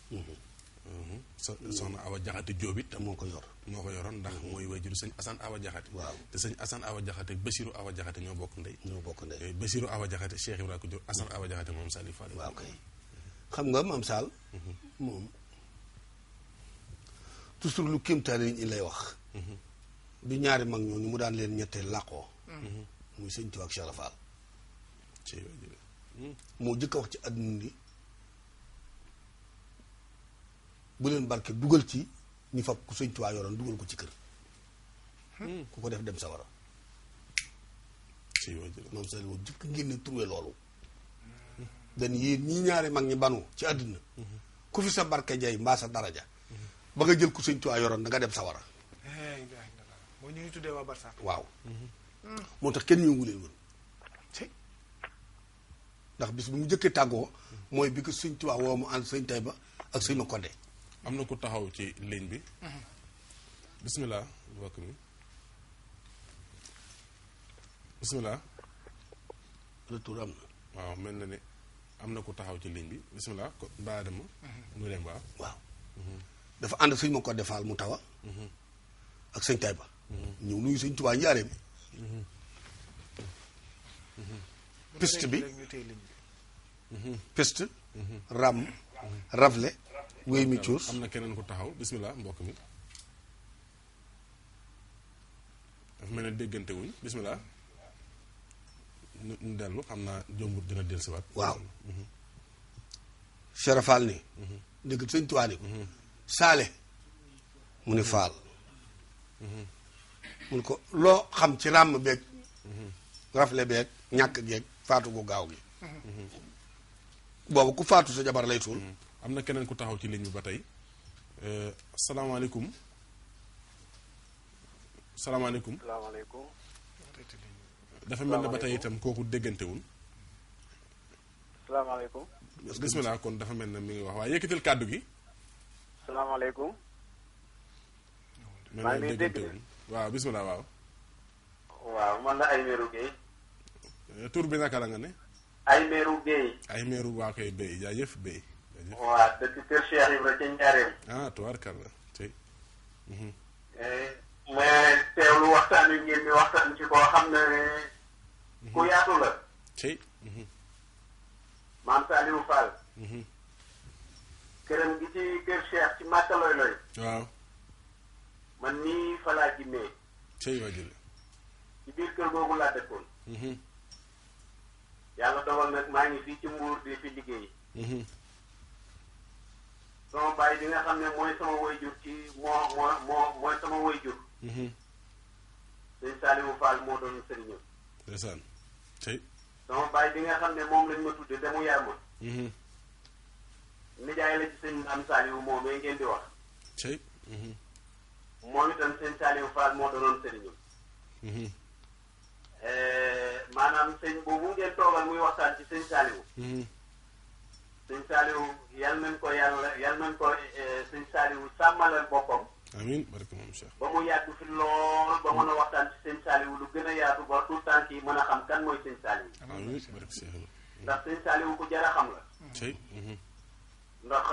soxna Awa Jaxate Jóob itam moo ko yor moo ko yoroon ndax mooy wajuru sañ Assane Awa Jaxate waaw te sëñ Assane Awa Jaxate Basiru Awa Jaxate ñoo bokk ndey ñoo bokk ndey eh, Basiru Awa Jaxate Cheikh Ibra ko jur Assane Awa Jaxate moom saali Fall waaw kay xam nga Maam Sall moom toujours lu kéemtaane yi ñu lay wax. bi ñaari mag ñooñu mu daan leen ñettee làqoo. muy sëñ Tuubaa ak Cheikh moo jëkk wax ci àdduna ni bu leen barke dugal ci ñi fab ku sëñ Tuubaa yoroon dugal ko ci kër. ku ko def dem sa moom sëñ bi jëkk ngeen ne trouvé loolu. dañ yéen ñii ñaari mag ñi banu ci àdduna. ku fi sa barke jay mbaa sa daraja. ba nga jël ku sëñ Tuubaa yoroon da nga dem sawara. Eh, tuddee waa Barça. waaw. Mhm. moo tax kenn ñëwu leen woon. ndax bis bu mu njëkkee tàggoo. mooy bi ko sëñ Tuubaa woo mu ànd sëñ Tayba ak sëñ Makonde. am na ku taxaw ci ligne bi. Mhm. bisimilah. mbokk mi bisimilah. retour mel na ne am na ku taxaw ci ligne bi bisimilah ko mhm. dem waaw. dafa ànd ak sëñ Makodde defaal mu tawa mm-hmm. ak sëñ Tayba mm-hmm. ñëw nuyu sëñ Tuubaa njaareem mm-hmm. piste bi piste ram rafle wéy mi cuus na keneen ku taxaw bismillah mbokk mi dafa mel ne déggante wuñ bismillah ñu dellu xam naa jombut dina dellusiwaat waaw Serap Fall ni dégg sëñ Tuubaa saale mu ni faal mu ni ko loo xam ci ràmm beeg rafle beeg ñàkk geeg faatu gu gaaw gi boobu ku faatu sa jabar lay suul am na keneen ku taxaw ci ligne bi ba tey asalaamaaleykum euh, salaamaaleykum salaamaaleykum dafa mel ne ba tey itam kooku déggantewul salaamaaleykum bismillah kon dafa mel ne mu ngi wax waaye yëkkatil kàddu gi salaamaaleykum. maa ngi waaw bisimilah waaw. waaw man la Aymerou Guèye. Eh, tur bi naka la nga ne. Aymerou Guèye. Aymerou waa koy Guèye jaajëf Guèye. waaw dëkk Kër Cheikh Ibra ca Njaareem. ah tubaarkalla tey. Mhm. Eh, mais teewlu waxtaan wi ngeen di waxtaan ci koo xam ne ku mhm. yaatu la. tey. Mhm. maam Saliou Fall. këram gi ci kër Cheikh ci Màkka looy looy. waaw. man nii fa laa jinnee. waajur ci biir kër googu laa dëkkoon. Mhm. yàlla dogal nag maa ngi fii ci Mbuur di fi liggéey. Mhm. sama bàyyi bi nga xam ne mooy sama waajur ci moo moo moo mhm. moo doon sëriñam. ndeysaan tey. sama bàyyi bi nga xam ne moom lañ ma tudde te mu yaay ni nijaay la ci sëñ am Saliou moom mee ngeen di wax. tey. moom itam sëñ Saliou Fall moo doonoon sëriñu. maanaam sëñ boobu ngeen toogal muy waxtaan ci sëñ Saliou. sëñ Saliou yal nañ ko yàlla eh, yal nañ ko sëñ Saliou sàmmalal boppam. amin barke moom Cheikh. ba mu yàgg fi lool ba mën a waxtaan ci sëñ Saliou lu gën a yaatu ba tout temps kii mën a xam kan mooy sëñ Saliou. amin barke Cheikh. ndax sëñ Saliou ku jar a xam la. ndax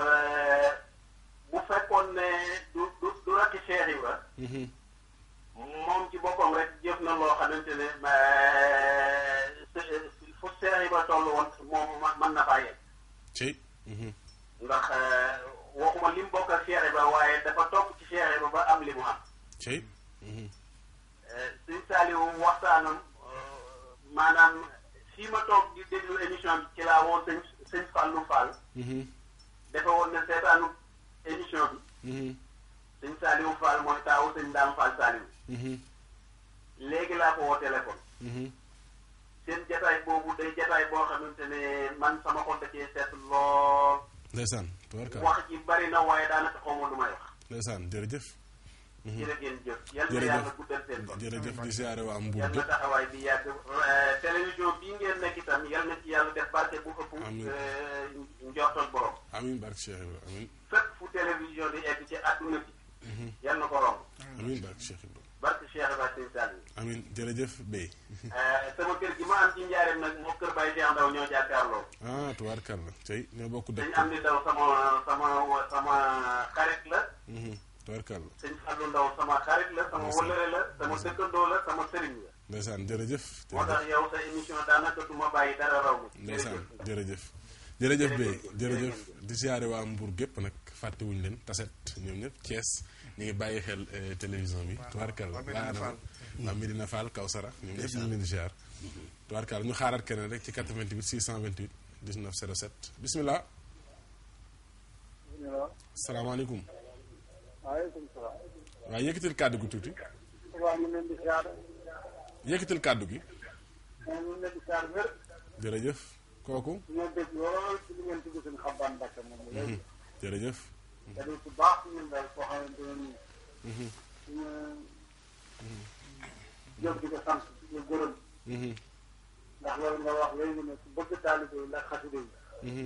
bu fekkoon ne du du du rakki Cheikh Ibra moom ci boppam rek jëf na loo xamante ne fu Cheikh Ibra toll woon moom mën na faa yegg ndax waxuma lim bokk ak Cheikh Ibra waaye dafa topp ci Cheikh Ibra ba am li mu am suñ saaliwu waxtaanam maanaam fii ma toog di déglu émission bi ci laa woo sëñ sëñ Fallou Fall defe woon na seetaanu émission bi. Mhm. sëñ Saliou Fall mooy taawu sëñ Dame Fall Saliou. Mhm. léegi laa ko woo téléphone. Mhm. seen jataay boobu day jataay boo xamante ne man sama xol da cee seet lool. ndeysaan tubarkaale wax ji bari na waaye daanaka xawma lu may wax. ndeysaan jërëjëf. jërëjëf yal na yàlla guddal seen bopp jërëjëf bi euh, ngeen nekk itam yal na ci yàlla def barke bu ëpp. amiin barke Cheikh Ibrahima amiin. fépp fu télévision di egg ci àdduna bi. Mhm. yal na ko romb. amiin barke Cheikh Ibrahima. barke Cheikh jërëjëf Bey. Eh, sama kër gi ma am ci njaareem nag moo kër Baye Cheikh Ndaw ñoo jàkkaarloo. ah tubaarkàlla tey ñoo bokk dëkk. dañ am di daw sama sama xarit la. Mhm, tubaarkàlla. sëñ Fallou Ndaw sama xarit la sama wëllëre la sama dëkkandoo la sama sëriñ la. ndeysaan jërëjëf. moo tax yow sa émission daanaka du bàyyi dara raw. ndeysaan jërëjëf jërëjëf di ziare waa Mbour gépp nag fàtte wuñ leen taset ñoom ñëpp Thiès ñu ngi bàyyi xel télévision bi. tubaarkal waa Adama waa Medina Fall Kawsara ñoom ñëpp ñu ngi leen di ziar. tubaarkal ñu xaaraat keneen rek ci 88 628 19 07 bisimilah. salaamaaleykum. waaleykum salaam. waaw yëkkatil kàddu gi tuuti. waaw ñu leen di ziar. yëkkatil kàddu gi. ñu leen di ziar jërëjëf. kooku. ñoo dégg lool ci li ngeen tudd seen xabaan Mbacke moom la léegi. Mhm. jërëjëf. da doon ku baax ci ñun daal koo xamante ne nii. suñu mhm. jóg di ko mhm. sant di ko gërëm. ndax loolu nga wax léegi ne ku bëgg taalibe yi la xaside yi.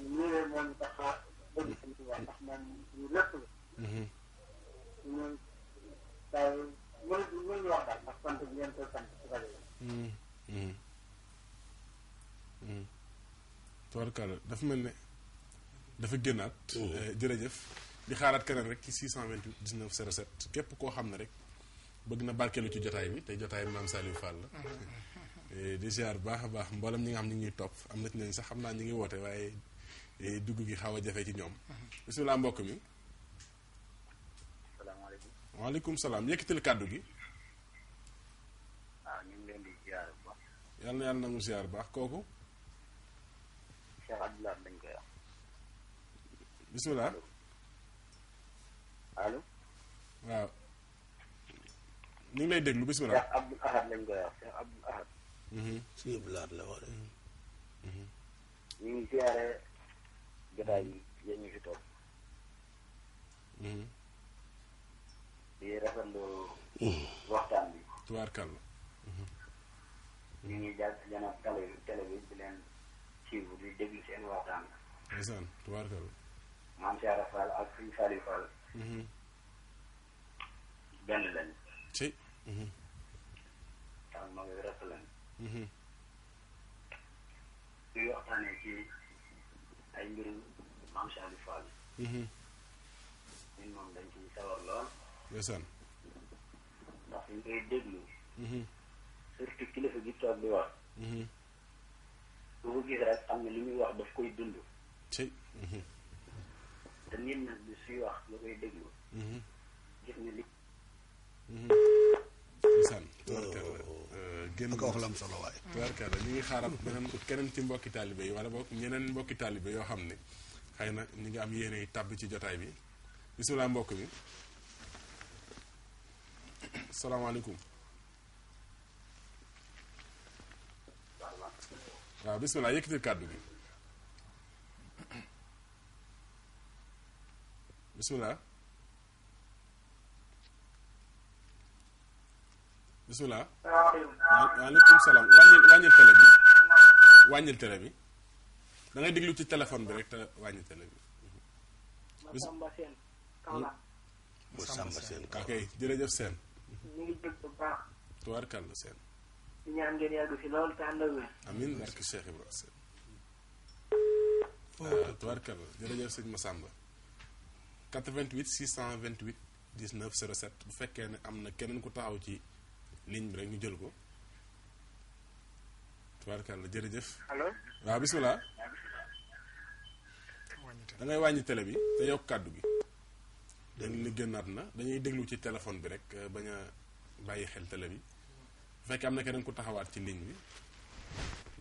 ñu ñëwee moom tax a bëgg seen tubaab ndax moom suñu lépp la. suñu daal mënut mënuñu wax daal ndax sant bi ngeen koy sant ci rajo yi. Mm. tubarkalla dafa mel ne dafa génnaat. Mm. Eh, jërëjëf di xaaraat keneen rek ci 628 19 07 képp koo xam ne rek bëgg na barkeelu ci jotaay bi te jotaay bi maam Saliou Fall la. *laughs* Eh, di ziar baax a baax mboolem ñi nga xam ñu ngi topp am na ci ñooñu sax xam naa ñu ngi woote waaye eh, dugg gi xaw a jafe ci ñoom. Mm-hmm. bisimilah mbokk mi. salaamaaleykum. waaleykum salaam yëkkatil kàddu gi. waaw ah, ñu ngi leen di ziar yal na yàlla nangu ziar bu baax kooku. Cheikh Abdullah dañ koy bismillah allo waaw ñu lay déglu bismillah Cheikh Abdoul Ahad lañ koy wax Cheikh Abdoul Ahad hmm Cheikh Abdoul la wax hmm ñu ziaré jotaay yi yéen ñu fi hmm di waxtaan bi ñu jàpp jana télé télé bi di leen ci di déglu seen waxtaan. ndeysaan tubaarkalla. maam Cheikh Rafal ak Sëñ Saliou Fall. benn lañ. ci. tam ma ngi rafet lañ. ñuy waxtaanee ci ay mbirum maam Cheikh Aliou Fall. ñun moom dañ ciy sawar lool. ndeysaan. ndax ñu koy déglu. surtout kilifa gi toog di wax. boo gis rek xam ne li muy wax daf koy dund te nit nag bi suy wax nga koy déglu gis nga li ndeysaan tubarkalla génn ko wax lam solo waay tubarkalla ñu ngi xaaral beneen keneen ci mbokki taalibe yi wala bokk ñeneen mbokki taalibe yoo xam ne xëy na ñu ngi am yéene ci jotaay bi bisimilah mbokk bi salaamaaleykum waaw bisimilah yëkkatil kàddu gi bisimilah bisimilah waaleykum salaam wàññil wàññil télé bi wàññil télé bi da ngay déglu ci téléphone bi rek te télé di ñaan ngeen yàgg amin barke cheikh ibra sëñ jërëjëf sëñ 88 628 19 bu fekkee ne am nah, na keneen ku taxaw ci ligne bi rek ñu jël ko tubarkal jërëjëf allo waaw bismillah da ngay wàññi télé bi te yokk kàddu gi dañ ni génnaat na dañuy déglu ci téléphone bi rek bañ a bàyyi xel télé bi fekk am na keneen ku taxawaat ci ligne bi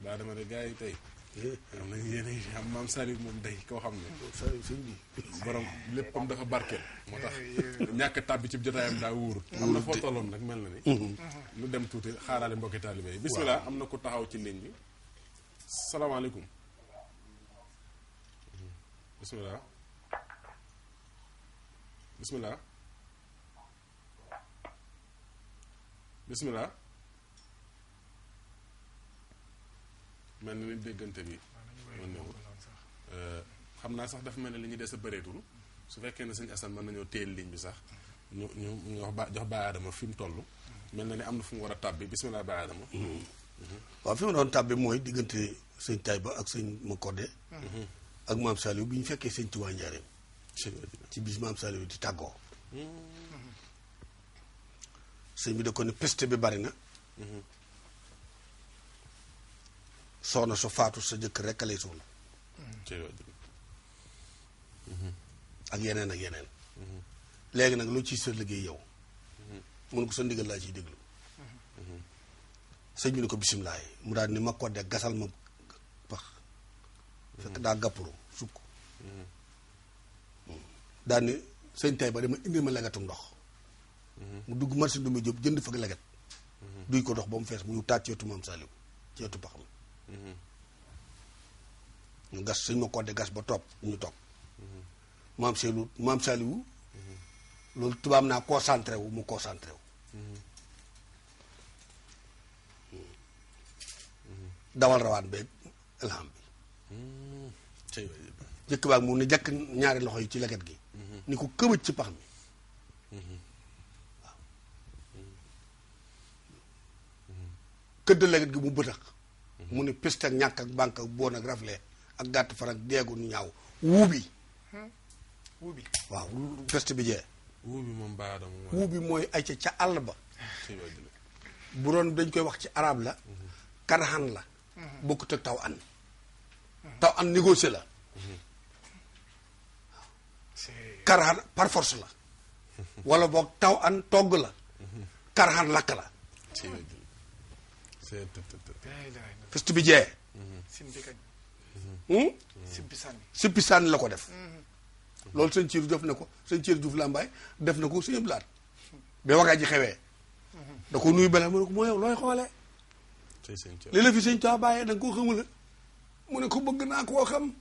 daa dama ne gars yi tey am nañ yéen a am maam Salif moom day koo xam ne Salif sëñ bi borom léppam dafa barkeel moo tax ñàkk tàbbi ci jotaayam daa wóorut am na foo tolloon nag mel na ni lu dem tuuti xaaraale mbokki taalibe yi bisimilah am na ku taxaw ci ligne bi salaamaaleykum bisimilah bisimilah bisimilah. mel na ni déggante bi mën na euh, xam naa sax dafa mel ne li ñu des a bëreetul su fekkee ne sëñ Assane mën nañoo teel ligne bi sax ñu ñu ñu wax ba jox Baye Adama fi mu toll mel na ni am na fu mu war a tàbbi bi Baye Adama mm-hmm. Mm-hmm. waaw fi mu doon tàbbi mooy diggante sëñ Taïba ak sëñ Makodde mm-hmm. ak maam Saliou bi ñu fekkee sëñ Tuubaa Njaareem ci bis maam Saliou di tàggoo sëñ bi de ko ne peste bi bari na soxna su faatu sa jëkk rek lay soxla ak yeneen ak yeneen léegi nag lu ci sa liggéey yow mun ko sa ndigal laa ciy déglu sëñ bi ni ko bisimilaay mu daal ni ma ko de gasal ma pax fekk daa gàppuru sukk daal ni sëñ tey ba dama indi ma legetu ndox mu dugg marché du mu jóg jënd fa leget duy ko dox ba mu fees mu ñu taat ci yetu maam saliw ci yetu paxam ñu mm-hmm. gas suñ ma kodde gas ba topp ñu topp mm-hmm. maam Seydou maam Saliou mm-hmm. loolu tubaab naa concentré wu mu concentré wu dawal rawaan beeg alham bi jëkk baag mu ne jëkk ñaari loxo yi ci leket gi ni ko këbëj ci pax mi këdd leket gi mu bëtax mu ni piste ak ñàkk ak banque ak bon ak rafle ak gàtt far ak deegu ñaaw wuubi wuubi waaw piste bi jee wuubi moom baadam wuubi mooy ay ca ca àll ba bu arab la karhan la bokkut ak taw an taw an négocier la karhan par force la wala boog taw an togg la karhan lakk la fest bi jee sippi hmm? hmm? sànni la ko def hmm. loolu sëñ ciiru na ko sëñ ciiru Juuf def na ko suñu blaat ba wagaa ji xewee da ko nuyu bele mu ne ko mooy yow looy xoolee li bàyyee da nga koo mu ne ko bëgg naa koo xam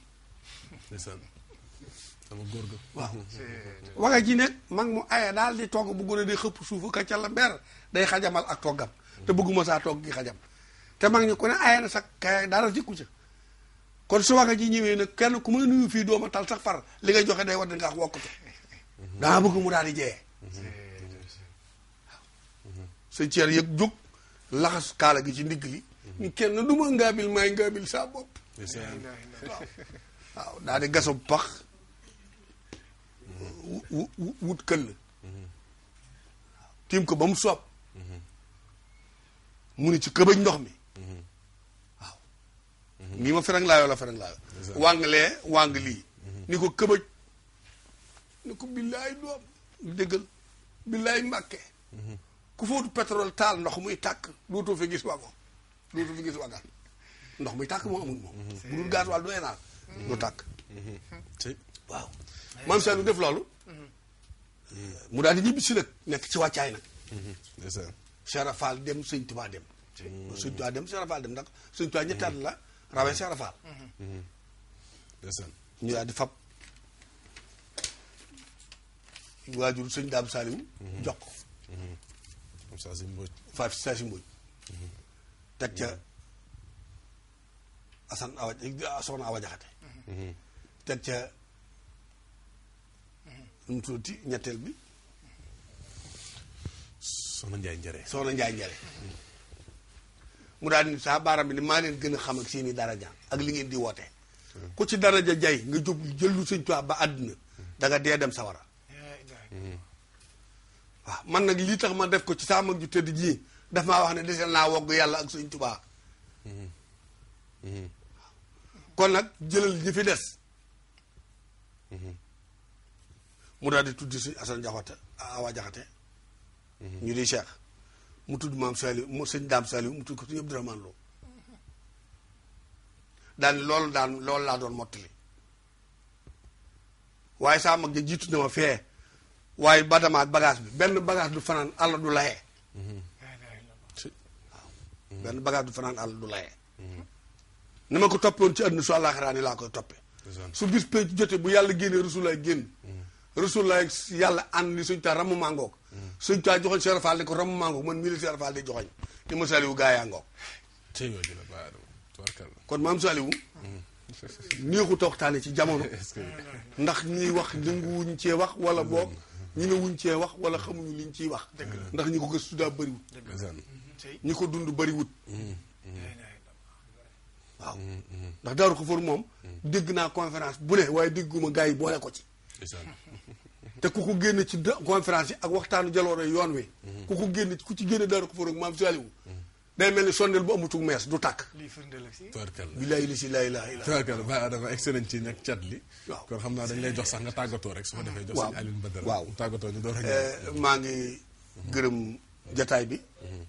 góor ga waaw waga ji nag mag mu aye daal di togg bu gën a xëpp suufu ka ca day xajamal ak toggam te bëgguma saa togg gi xajam te mag ñi ku ne na sax kay ku jikku ca kon su wax ji ñëwee nag kenn ku may nuyu fii dooma tal sax far li ngay joxe day war nga wax wokkatu mhm. daa bëgg mu daal di jeyee mhm. sa ceer yëg jóg laxas kaala gi ci ndigg li ñu mhm. kenn du ma ngaabil maay ngaabil saa bopp waaw waaw daal pax wut këll tiim ko ba mu soob mu ni ci këbëj ndox mi ñi ma feranglaayo la feranglaayo wànglee wàng lii ni ko këbëj ni ko billaay doom lu déggal billaay mbàkke mhm. ku fóotu pétrole taal ndox muy tàkk dootoo fi gis wago dootoo fi gis wagaan ndox muy tàkk moo amul moom mhm. bu dul gaas wàll du enaal mhm. du tàkk waaw maam Seydou def loolu mu daal di ñibbi si nag nekk ci wàccaay nag Cheikh Fall dem sëñ Tuubaa dem sëñ Tuubaa dem ndax sëñ Tuubaa ñettaat la maa bay Cheikh Rafaal. ndeysaan ñu daal di fab waajur sëñ Daam Saaliwu mm-hmm. jox saa si mbóoj faaf saa si mbóoj teg Asan mm-hmm. Awa mm-hmm. Soxna Awa Jaxate teg ca nu ñetteel bi. Soxna Njaay Njare Soxna Njaay Njare mu daal ni saa baaram bi ni maa leen gën a xam ak seeni daraja ak li ngeen di woote ku ci daraja jay nga jub jëllu ba àdduna da nga dee dem sawara waaw man nag lii tax ma def ko ci saa mag ju tëdd ji daf maa wax ne desel naa wogg yàlla ak sëñ Tuubaa kon nag jëlal ñi fi des mu daal di tuddi sëñ Asan Jaxate Awa Jaxate ñu di Cheikh mu tudd maam Saliou mu sëñ daam Saliou mu tudd ko sëñ Abdourahmane Lo daan loolu daan loolu laa doon mottali waaye saa mag ja jiitu na ma fee waaye badamaat bagage bi benn bagage du fanaan allah du laye waaw benn bagage du fanaan àll du laye mm-hmm. ni mm-hmm. ma ko toppoon ci àdduna su àllaaxiraa ni laa koy toppe su bis pay bu yàlla génnee rasulaay génn mm-hmm. rasulaay yàlla ànd ni suñ tax ramu suñ taa joxoñ Cheikh Fall ne ko romb maa ngoog man mii la Cheikh Fall di joxoñ ni ma Saliou gaa kon maam Saliou néexu toog taane ci jamono *laughs* ndax ñuy wax wuñ cee wax wala boog ñi ne wuñ cee wax wala xamuñu liñ ciy wax ndax ñi ko gëstu daa bëriwut ñi ko dund bëriwut mm, mm. waaw mm, ndax daaru ko for moom dégg naa conférence bu ne waaye dégguma gars yi boole ko ci *laughs* te ku ko génn ci conférence yi ak waxtaanu jaloore yoon wi. ku ko génne ku ci génne dara ko fa rek maam Saliou day mel ni sondeel bu amatug mees du tàkk. lii firndeel ak si. tubarkalla bilaay li si laay laay. tubarkalla Baye Adama excellent xam naa dañ lay jox sax tàggatoo rek. su ma defee jox suñu Alioune eh, maa ngi gërëm jataay bi. Mm-hmm.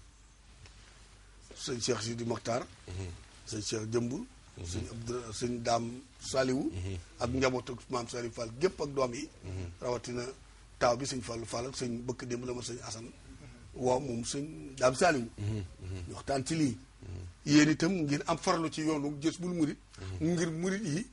sëñ Cheikh Sidi Mokhtar. Mm-hmm. sëñ Cheikh Jëmbul. sëñ Abdou sëñ Daam Saliwu mm-hmm. ak njabootu maam Saliwu Fall gépp ak doom yi mm-hmm. rawatina taaw bi sëñ Fallu Fall ak sëñ bëkk démb la ma sëñ Asan waaw moom sëñ Daam Saliwu mm-hmm. ñu waxtaan ci lii yéen itam ngir am farlu ci yoonu Jazbul Murid ngir murid yi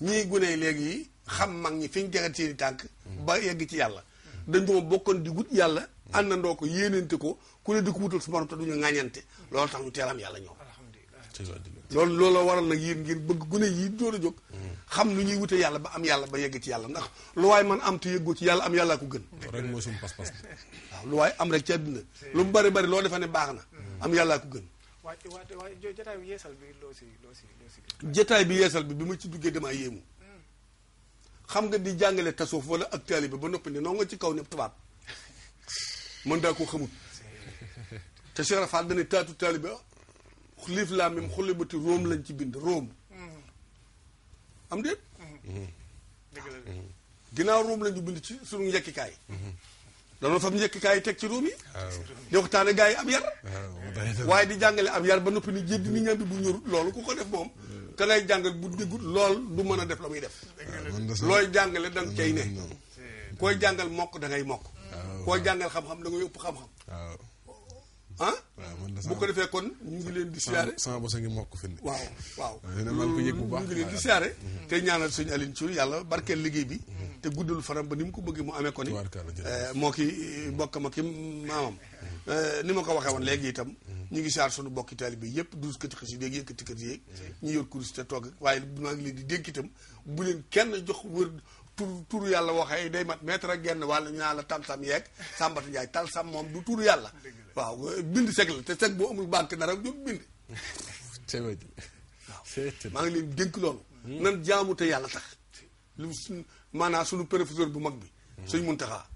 ñii gune léegi yi xam mag ñi fi ñu tegal seeni tànk ba yegg ci yàlla dañ duma bokkoon di wut yàlla àndandoo ko yéenante ko ku ne di ko wutal su morom te duñu ŋàññante loolu tax ñu teelam yàlla ñoom loolu loolu waral nag yéen ngeen bëgg gune yi door a jóg xam lu ñuy wute yàlla ba am yàlla ba yegg ci yàlla ndax lu waay man am te yëggoo ci yàlla am yàllaa ko gën rek mooy suñu am rek ci àddina lu bari bari loo defe ne baax na am yàllaa ko gën waaw waaw jotaay bi yeesal bi loo si loo si bi yeesal bi bi ma ci duggee damaa yéemu xam nga di jàngale tasoof wala ak taalibe ba noppi ne noo nga ci kaw ne tubaab *laughs* mën daa koo xamut te Cheikh Rafal dana taatu taalibe liif laa mim xulibati róom lañ ci bind róom mm-hmm. am déet mm-hmm. mm-hmm. ginnaaw róom lañ ci bind suñu njëkkikaay danoon fa njëkkikaay yi teg ci róom yi di waxtaane gars yi am yar waaye di jàngale ab yar ba noppi ni jéggi ni ñambi bu ñorut loolu ku ko def moom ka ngay jàngal bu déggut lool du mën a def la muy def looy jàngale da nga cay ne koy jàngal mokk dangay ngay mokk koy jàngal xam-xam da ngay ëpp xam-xam ah bu ko defee kon ñu ngi leen di siyaare sama bosa ngi mokk fi waaw waaw maa ngi ko yëg bu baax ñu ngi leen di siyaare tey ñaanal suñu Alioune Thioune yàlla barkeel liggéey bi te guddul faram ba ni mu ko bëggee mu amee ko ni eh, moo ki ma ak maamam eh, ni ma ko waxee woon léegi itam ñu ngi siyaar suñu bokki taalibe bi yëpp duus këti xasi yéeg yëkkati kati yéeg ñu yor kurus te toog waaye maa ngi leen di dénk itam bu leen kenn jox wër tur turu yàlla waxee day mat mètre ak genn wàlla ñaa la tam yeeg sàmbata njaay tal sam moom du turu yàlla waaw bind sek te seg boo amul barke dara du bind. maa ngi leen dénk loolu. Hmm. nan jaamu te yàlla tax. lu maanaam sunu professeur bu mag bi. Hmm. suñ Muntaxa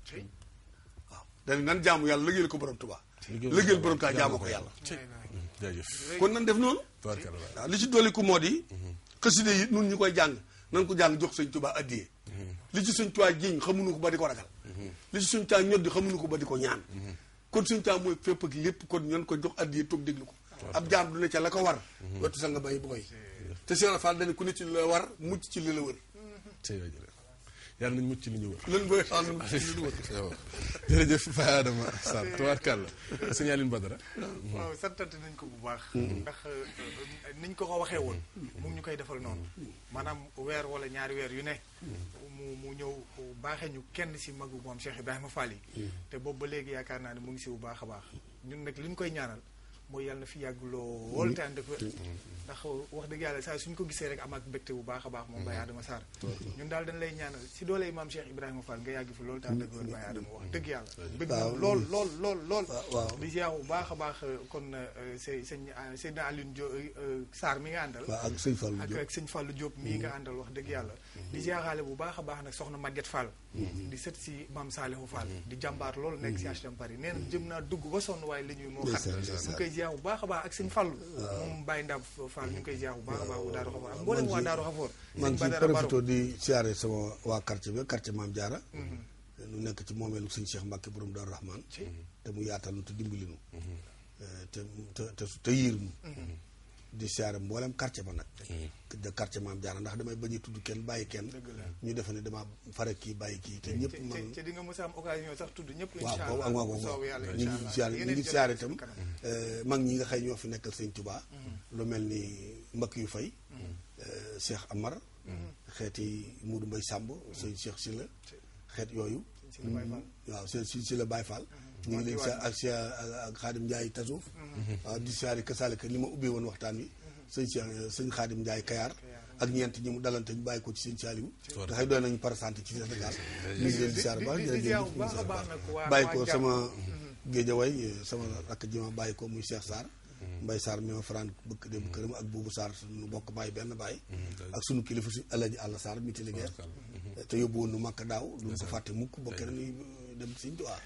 waaw dañu nan jaamu yàlla liggéeyal ko borom Tuubaa. liggéeyal borom Tuubaa jaamu ko yàlla. Hmm. jaajëf kon nan def noonu. waaw li si dolli ku moo di. xaside yi nun ñu koy jàng nan ko jàng jox sëñ Tuubaa addiyee. li ci sëñ Tuubaa jiñ xamuñu ko ba di ko ragal. li ci sëñ Tuubaa ñoddi xamuñu ko ba di ko ñaan. kon suñ taam mooy fépp ak lépp kon ñoon ko jox addiye toog déglu ko ab jaam du ne ca la ko war mhm. wetu sa nga bay booy mhm. te Cheikh Fall dañ ku ne ci la war mucc ci li la wër yàlla nañ mucc li ñu wër. lan mooy xaaral mucc li ñu wër. *laughs* jërëjëf Baye Adama Sarr tubaarkàlla sëñ *laughs* Aline Badara. waaw santante nañ ko bu baax. Mm. ndax euh, niñ ko ko waxee woon. mu ñu koy defal noonu. maanaam weer wala ñaari weer yu ne. mu mu ñëw baaxee ñu kenn si magu moom baax Ibrahima Fall yi. Mm. te boobu ba léegi yaakaar naa ne mu ngi si bu baax a baax ñun nag li ñu koy ñaanal. mooy yàlla na fi yàgg lool te ànd ak wér mm-hmm. ndax wax dëgg yàlla saa suñ ko gisee rek am ak mbégte bu baax a baax moom Baye mm-hmm. Adama Sarr ñun daal dañ lay ñaanal si doole Maam Cheikh Ibrahima Fall nga yàgg fi lool te ànd ak wér mm-hmm. Baye Adama wax dëgg yàlla bëgg lool lool lool lool di ziar bu baax a baax euh, kon euh, sëñ euh, sëñ Alioune Diop Sarr mi nga àndal ak sëñ Fallou Diop ak sëñ Fallou Diop mii nga àndal wax dëgg yàlla di ziaraale bu baax a baax nag soxna Maguette Fall di sët si Maam Salihu Fall di jàmbaar lool nekk si HLM Paris nee na jëm naa dugg ba sonn waaye li ñuy moo xam ziar bu a baax ak sëñ Fallu moom Baye Ndab Fall ñu ngi koy ziar bu baax a baax bu Daaru Xafoor ak mm-hmm. mboolem waa Daaru Xafoor maa ngi ciy profité di siyaare sama waa quartier bi quartier Maam Jaara nu mm-hmm. nekk ci moomeelu sëñ Cheikh Mbacke borom daa Rahman te mu yaatal nu te dimbali nu mm-hmm. eh, te te te yiir nu di siyaare mboolem quartier ba nag. Mm. de quartier maam jaara ndax damay bañ a tudd kenn bàyyi kenn. ñu defe ne damaa fara kii bàyyi kii te ñëpp. man te di nga mos a am occasion sax tudd ñëpp. incha allah waaw ñu ngi euh, mag ñi nga xëy ñoo fi nekkal sëñ Tuubaa. Mm-hmm. lu mel ni mbakk yu fay. Mm-hmm. Euh, Cheikh Amar. Mm-hmm. xeeti Moudou Mbaye Samb. sëñ Cheikh Sylla xeet yooyu. waaw sëñ si la Baye Fall. moo leen si ak si ak xaadim Ndiaye Tassouf. waaw mhm. ah, di siyaare kasaalika li ma ubbee woon waxtaan wi. Mhm. sëñ si eh, sëñ xaadim Ndiaye Kayar. ak ñeent ñi mu dalante ñu bàyyi ko ci seen saaliwu taxay doon nañu parasante ci Sénégal ñu ngi leen di siyaar sama mhm. géejawaay eh, sama rakk ji ma bàyyi ko muy Cheikh Sarr Mbay Sarr mi ma faraan bëkk dem këram ak Boubou Sarr suñu bokk bàyyi benn bàyyi ak suñu kilifa si Alaaji Àlla Sarr mi ci liggéey te yóbbu woon nu Makka daaw duñ ko fàtte mukk bokkee dem Sëñ Tuubaa.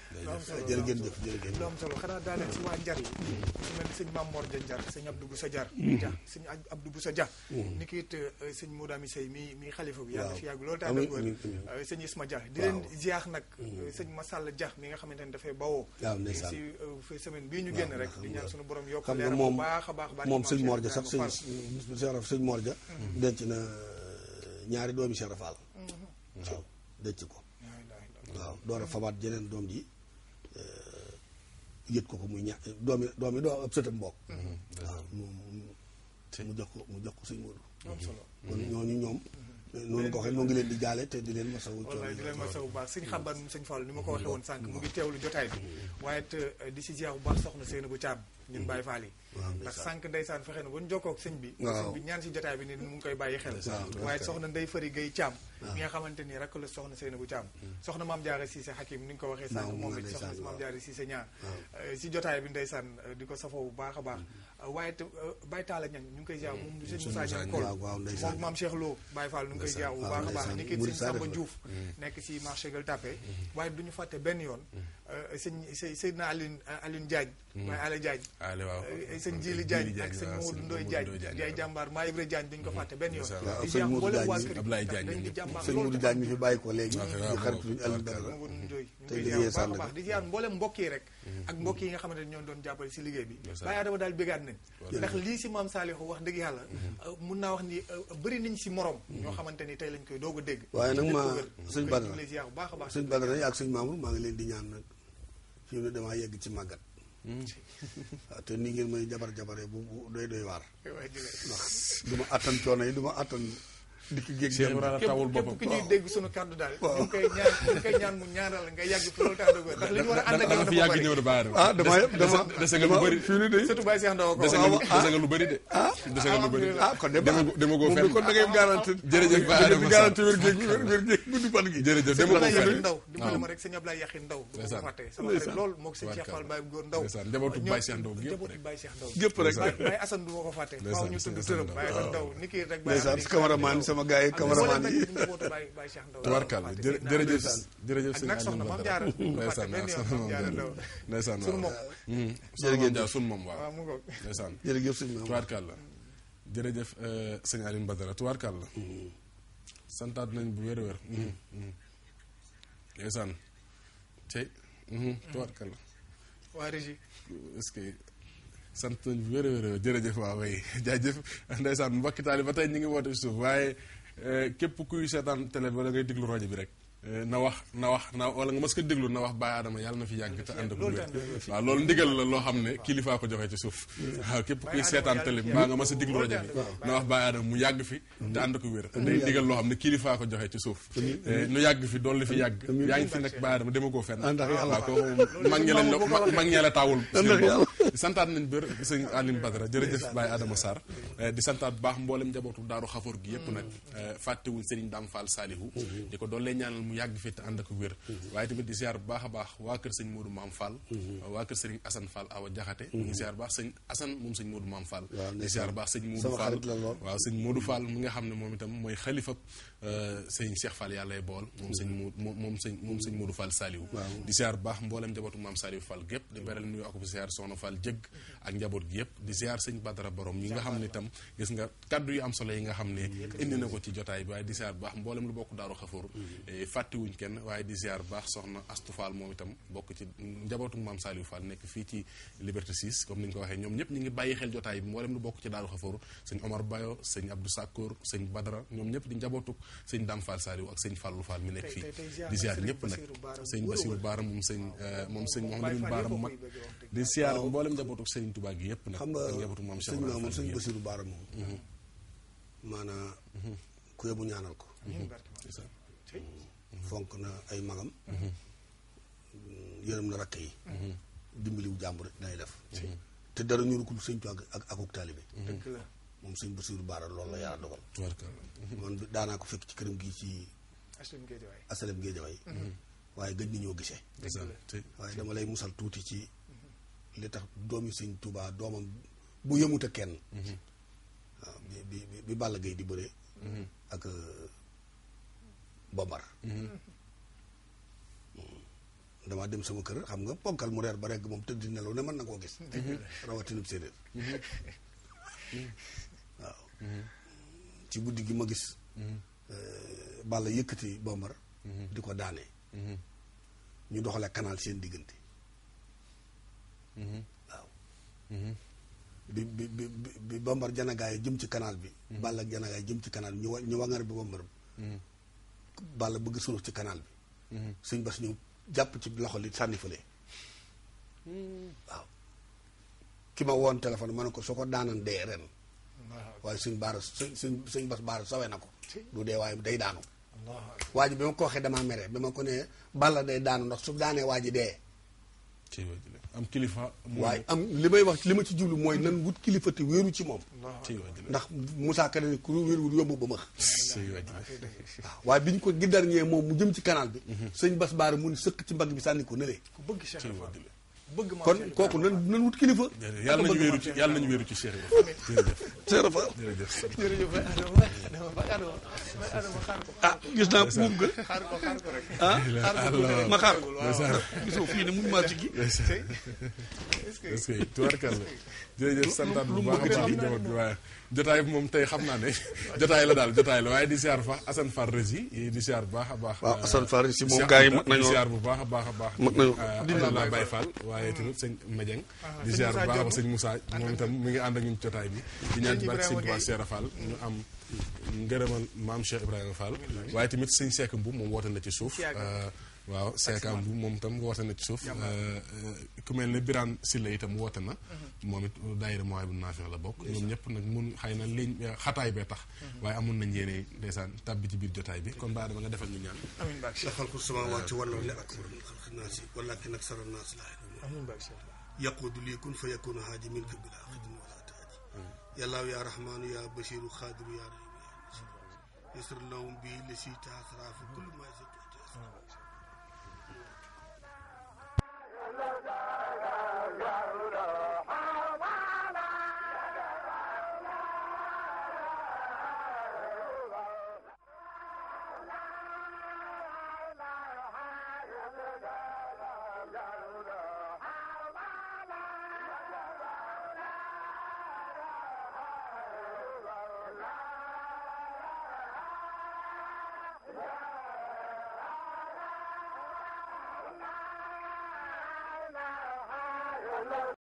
jërë ngeen jëf jërë ngeen jëf. am solo xanaa daaneel si waa Njar yi. su mel ni sëñ Maam ja sëñ Abdou Boussa Diar. Mm-hmm. Mm-hmm. ni ki it euh, sëñ Moudami mi mi xalifa bi. yàlla fi yàgg loolu tax na sëñ Isma Dia di leen ziar nag. Euh, mm-hmm. sëñ Massal Dia mi nga xamante ne dafay bawoo. waaw si euh, semaine bii ñu génn rek. di ñaan suñu borom yokk leeram bu baax a baax. moom sëñ Mor Dia sax sëñ sëñ Mor Dia denc na ñaari doomi Cheikh Rafal waaw denc ko waaw door a fabaat jeneen doom ji yët ko ko muy ña doomi doomi doo ab sëtam bokk mhm, waaw mu mu jox ko mu jox ko sëñ Moodu mhm. kon mhm. ñooñu ñoom eh, noonu ko waxee moo ngi leen di jaale te di leen masawu coono wallaay di leen masawu baax sëñ xambaar moom sëñ Fall ni ma ko waxee woon sànq mu ngi lu jotaay bi waaye it eh, di si jeex bu baax soxna Seynabou Thiam ñun Baye Fall yi ndax sànq ndeysaan fexe na ba ñu jokkoo ak sëñ bi sëñ bi ñaan si jotaay bi ni mu ngi koy bàyyi xel waaye soxna Ndeye Fari Gueye Thiam mi nga xamante ni rakk la soxna Seynabou Thiam soxna Mame ni ko waxee sànq moom it soxna Mame Diarra Cissé ñaar euh, si bi ndeysaan euh, di ko safoo bu baax a baax hmm. euh, waaye Baye Talla ñu ngi koy jaaw moom sëñ hmm. Moussa Niang Kol moom Mame Cheikh Lo Baye bu baax a baax ni ki sëñ Samba Diouf hmm. nekk si marché Gueule Tapée waaye duñu fàtte benn yoon Euh, sëñ sëñ na Alioune Alioune Diagne. mooy hmm. Ala Diagne. Aliou waaw euh, sëñ Jili Diagne ak sëñ Maodo Ndoye Diagne Diagne jàmbaar maa Ibra Diagne duñ ko hmm. fàtte benn yoon. waaw sëñ Maodo Diagne Ablaye Diagne di jàmbaar sëñ Maodo Diagne mi fi bàyyi ko léegi. di xarit luñu Alioune Diagne te liggéey sànq baax di yaar mboolem mbokk yi rek. Hmm. ak mbokk yi nga xamante ne ñoo doon jàppale si liggéey bi. Baye Adama daal bégaat nañ. ndax lii si maam Saliou wax dëgg yàlla. Euh, mun naa wax ni bëri nañ si morom. ñoo xamante ni tey lañ koy doog a dégg. waaye nag ma sëñ Badara sëñ Badara ak sëñ Mamour maa ngi leen di ñaan nag fi mu damaa yegg ci màggat. Hmm. *laughs* waaw te ni ngeen mooy jabar jabaree bu bu doy doy waar. *laughs* du ma attan coono yi du ma attan di ki géeg dem tawul boppam képp ñuy dégg sunu kàddu daal ñu koy ñaan ñu koy ñaan mu ñaanal nga yàgg fi loolu tàndu ndax li ñu ak baaru ah dama dama dese nga lu de Cheikh nga lu de ah nga lu ah, ah dem go fenn kon da ngay garanti jërëjëf Baye garanti wér géeg wér géeg gudd fan gi jërëjëf dama go fenn ndaw dimbali ma rek sëñ Ablaye Yaxi Ndaw bu ko fàtte sama rek loolu moog sëñ Cheikh Fall Baye Góor Ndaw njabootu Baye Cheikh Ndaw gépp rek Baye Assane du ñu Ndaw sama sama gars yi cameraman yi tubarkal jërëjëf jërëjëf sëñ Aliou Badara ndeysaan soxna hmm. moom waaw ndeysaan jërëjëf sëñ moom tubarkal la jërëjëf euh, sëñ Aliou Badara tubarkal la hmm. santaat nañ bu wér wér hmm, ndeysaan tey tubarkal la waa régie est-ce sant nañ fi wér wér jërëjëf waaw way *laughs* jaajëf ndeysaan mbokki taali ba tey ñu ngi woote suuf waaye eh, képp kuy seetaan télé wala ngay diglu rajo bi rek Euh, na wax na wax na wala nga mas ko déglu na wax Baye Adama yàlla na fi yàgg te ànd ak wér waaw loolu ndigal la loo xam ne kilifaa ko joxee ci suuf waaw képp kuy seetaan a déglu rajo bi loo xam ne kilifaa ko joxee ci suuf euh, nu yàgg fi dool li fi yàgg yaa ngi fi nag Baye Adama dema koo fenn waaw kooku mag ñi lañ la mag ñi la taawul santaat nañ bër sëñ Alim Badara jërëjëf Baye Adama Sarr euh, di santaat bu baax mboolem njabootu daaru xafoor gi yëpp nag fàttewuñ Serigne Dame Fall Salihu di ko doon lay ñaanal mu yàgg fi te ànd ak wér mhm. waaye tamit di ziar baax a baax waa kër sëñ Modou Mame Fall mhm. waa kër sëriñ Assane Fall Awa Jaxate ñu ngi ziar baax sëñ Assane moom sëñ Modou Mame Fall di ziar baax sëñ Modou Fall waaw sëñ Modou Fall mi nga xam ne moom itam mooy xalifab Euh, sëñ Cheikh Fall yàllay bool moom sëñ mu moom sëñ moom sëñ Modou Fall Saliou di ziar bu baax mboolem njabootu maam Saliou Fall gépp di beral nuyu ak bu ziar Soxna yëpp di ziar sëñ Badara Borom nga xam ne itam gis nga kaddu yu am solo yi nga xam ne indi na ko ci jotaay bi waaye mboolem lu bokk Daaru Xafoor mm-hmm. eh, fàttiwuñ kenn waaye di ziar bu baax soxna Astou itam bokk ci njabootu maam Saliou nekk fii ci Liberté 6 comme ni ñu ko waxee ñoom ñëpp ñu ngi bàyyi xel jotaay bi mboolem lu bokk ci Daaru Xafoor sëñ Omar Bayo sëñ Abdou Sakkour sëñ Badara ñoom ñëpp di njabootuk sëñ dam fall sariw ak sëñ fallu fall mi nekk fii di ziar ñëpp nag sëñ basiru baara moom sëñ moom sëñ mohamadu bar mu mag di ziar mboolem njabootu sëñ tubaa gi yëpp nag ak njabootu maam cheikh moom sëñ basiru bar moom mana mhm. mhm. ku yebu ñaanal ko mhm. fonk na ay magam mm, yërëm na rakk yi wu jàmbur nay def te dara ñuru ko sëñ tuwag ak akuk talibé moom sëñ Bassirou Bara loolu la yàlla dogal. *laughs* man daanaa ko fekk ci këram gi ci. asalem géejawaay asalem géejawaay mhm. Mhm. waaye gëj nañoo gisee. waaye dama lay musal tuuti ci mhm. li tax doomi sëñ Touba doomam bu yëmut kenn. waaw ah, bi bi bi Balla di bëre. ak euh, Bombar. Hmm. damaa dem sama kër xam nga ponkal mu reer ba rekk moom tëdd nelaw ne mën na koo gis. rawatina séeréer. *laughs* ci guddi gi ma gis mhm. euh, Balla yëkkati bombar mhm. di ko daanee mhm. ñu doxale canal seen diggante waaw bi bi bi bi bombar janagaay jëm ci kanaal bi Balla ak janagaay jëm ci canal ñu wa ñu wangar bi bombar bi bëgg suruf ci kanaal bi sëñ bas ñu jàpp ci loxo li sànni fële ki ma woon téléphone man ne ko soo ko daanan dee ren waaye suñ baar sëñ suñ suñ bas baara sawe na ko du dee waaye day daanu waa ji bi ma ko waxee damaa mere bi ma ko ne balla day daanu ndax su daanee waa ji dee am kilifa waaye am li may wax li ma ci jublu mooy nan wut kilifa te wéeru ci moom ndax Moussa Kane ku wéeruwul yomb ba max waaw waaye bi ñu ko giddar ñee moom mu jëm ci canal bi mhm. sëñ bas baara mu ni sëkk ci mbagg bi sànni ko nëlee kon kooku nan nan wut kilifa. yàlla nañu wéeru ci yàlla nañu wéeru ci Cheikh Ibrahima. Cheikh Rafa jërëjëf. jërëjëf ah gis naa buum nga. xaar ko ma xaar ko. Ah, gisoo fii ne muñ maa ci gi. ce que tubarkalla santaat bu baax a baax njaboot jotaay bi moom tey xam naa ne *laughs* jotaay la daal jotaay la waaye di siyaar bu baax Assane Rési di siyaar bu baax a baax. waaw euh, Assane Fall Rési moom gars yi mag nañoo bu baax baax a baax. mag waaye tamit sëñ di siyaar bu baax a baax sëñ Moussa moom ngi ànd ak ñun jotaay bi. di ñaan ci barke sëñ Tuubaa Seera Fall ñu am. ngërëmal maam Cheikh Ibrahima Fall waaye tamit sëñ seek Mbu moom woote na ci suuf waaw Seeka Mbu moom itam woote na ci suuf ku mel ne Birane Silla itam woote na moom it daayira mooy bu nation la bokk ñoom ñëpp nag mun xëy na liñ xataay bee tax waaye amoon nañ yéene ndeysaan tàbbi ci biir jotaay bi kon baa dama nga defal ñu ñaan amiin baag Cheikh xalqu samaawaati wala li akbar xalqi naasi walaakin aksara naasi laa ya'lamuun amiin baag Cheikh yaquudu lii kun fa yakunu haaji min fi bila xadin wala taaji yàllaaw yaa rahmaanu yaa bashiru xaadiru yaa rahim yaa yasir lawum bii li si taasraa fi kulli maa Garuda, Garuda, Garuda.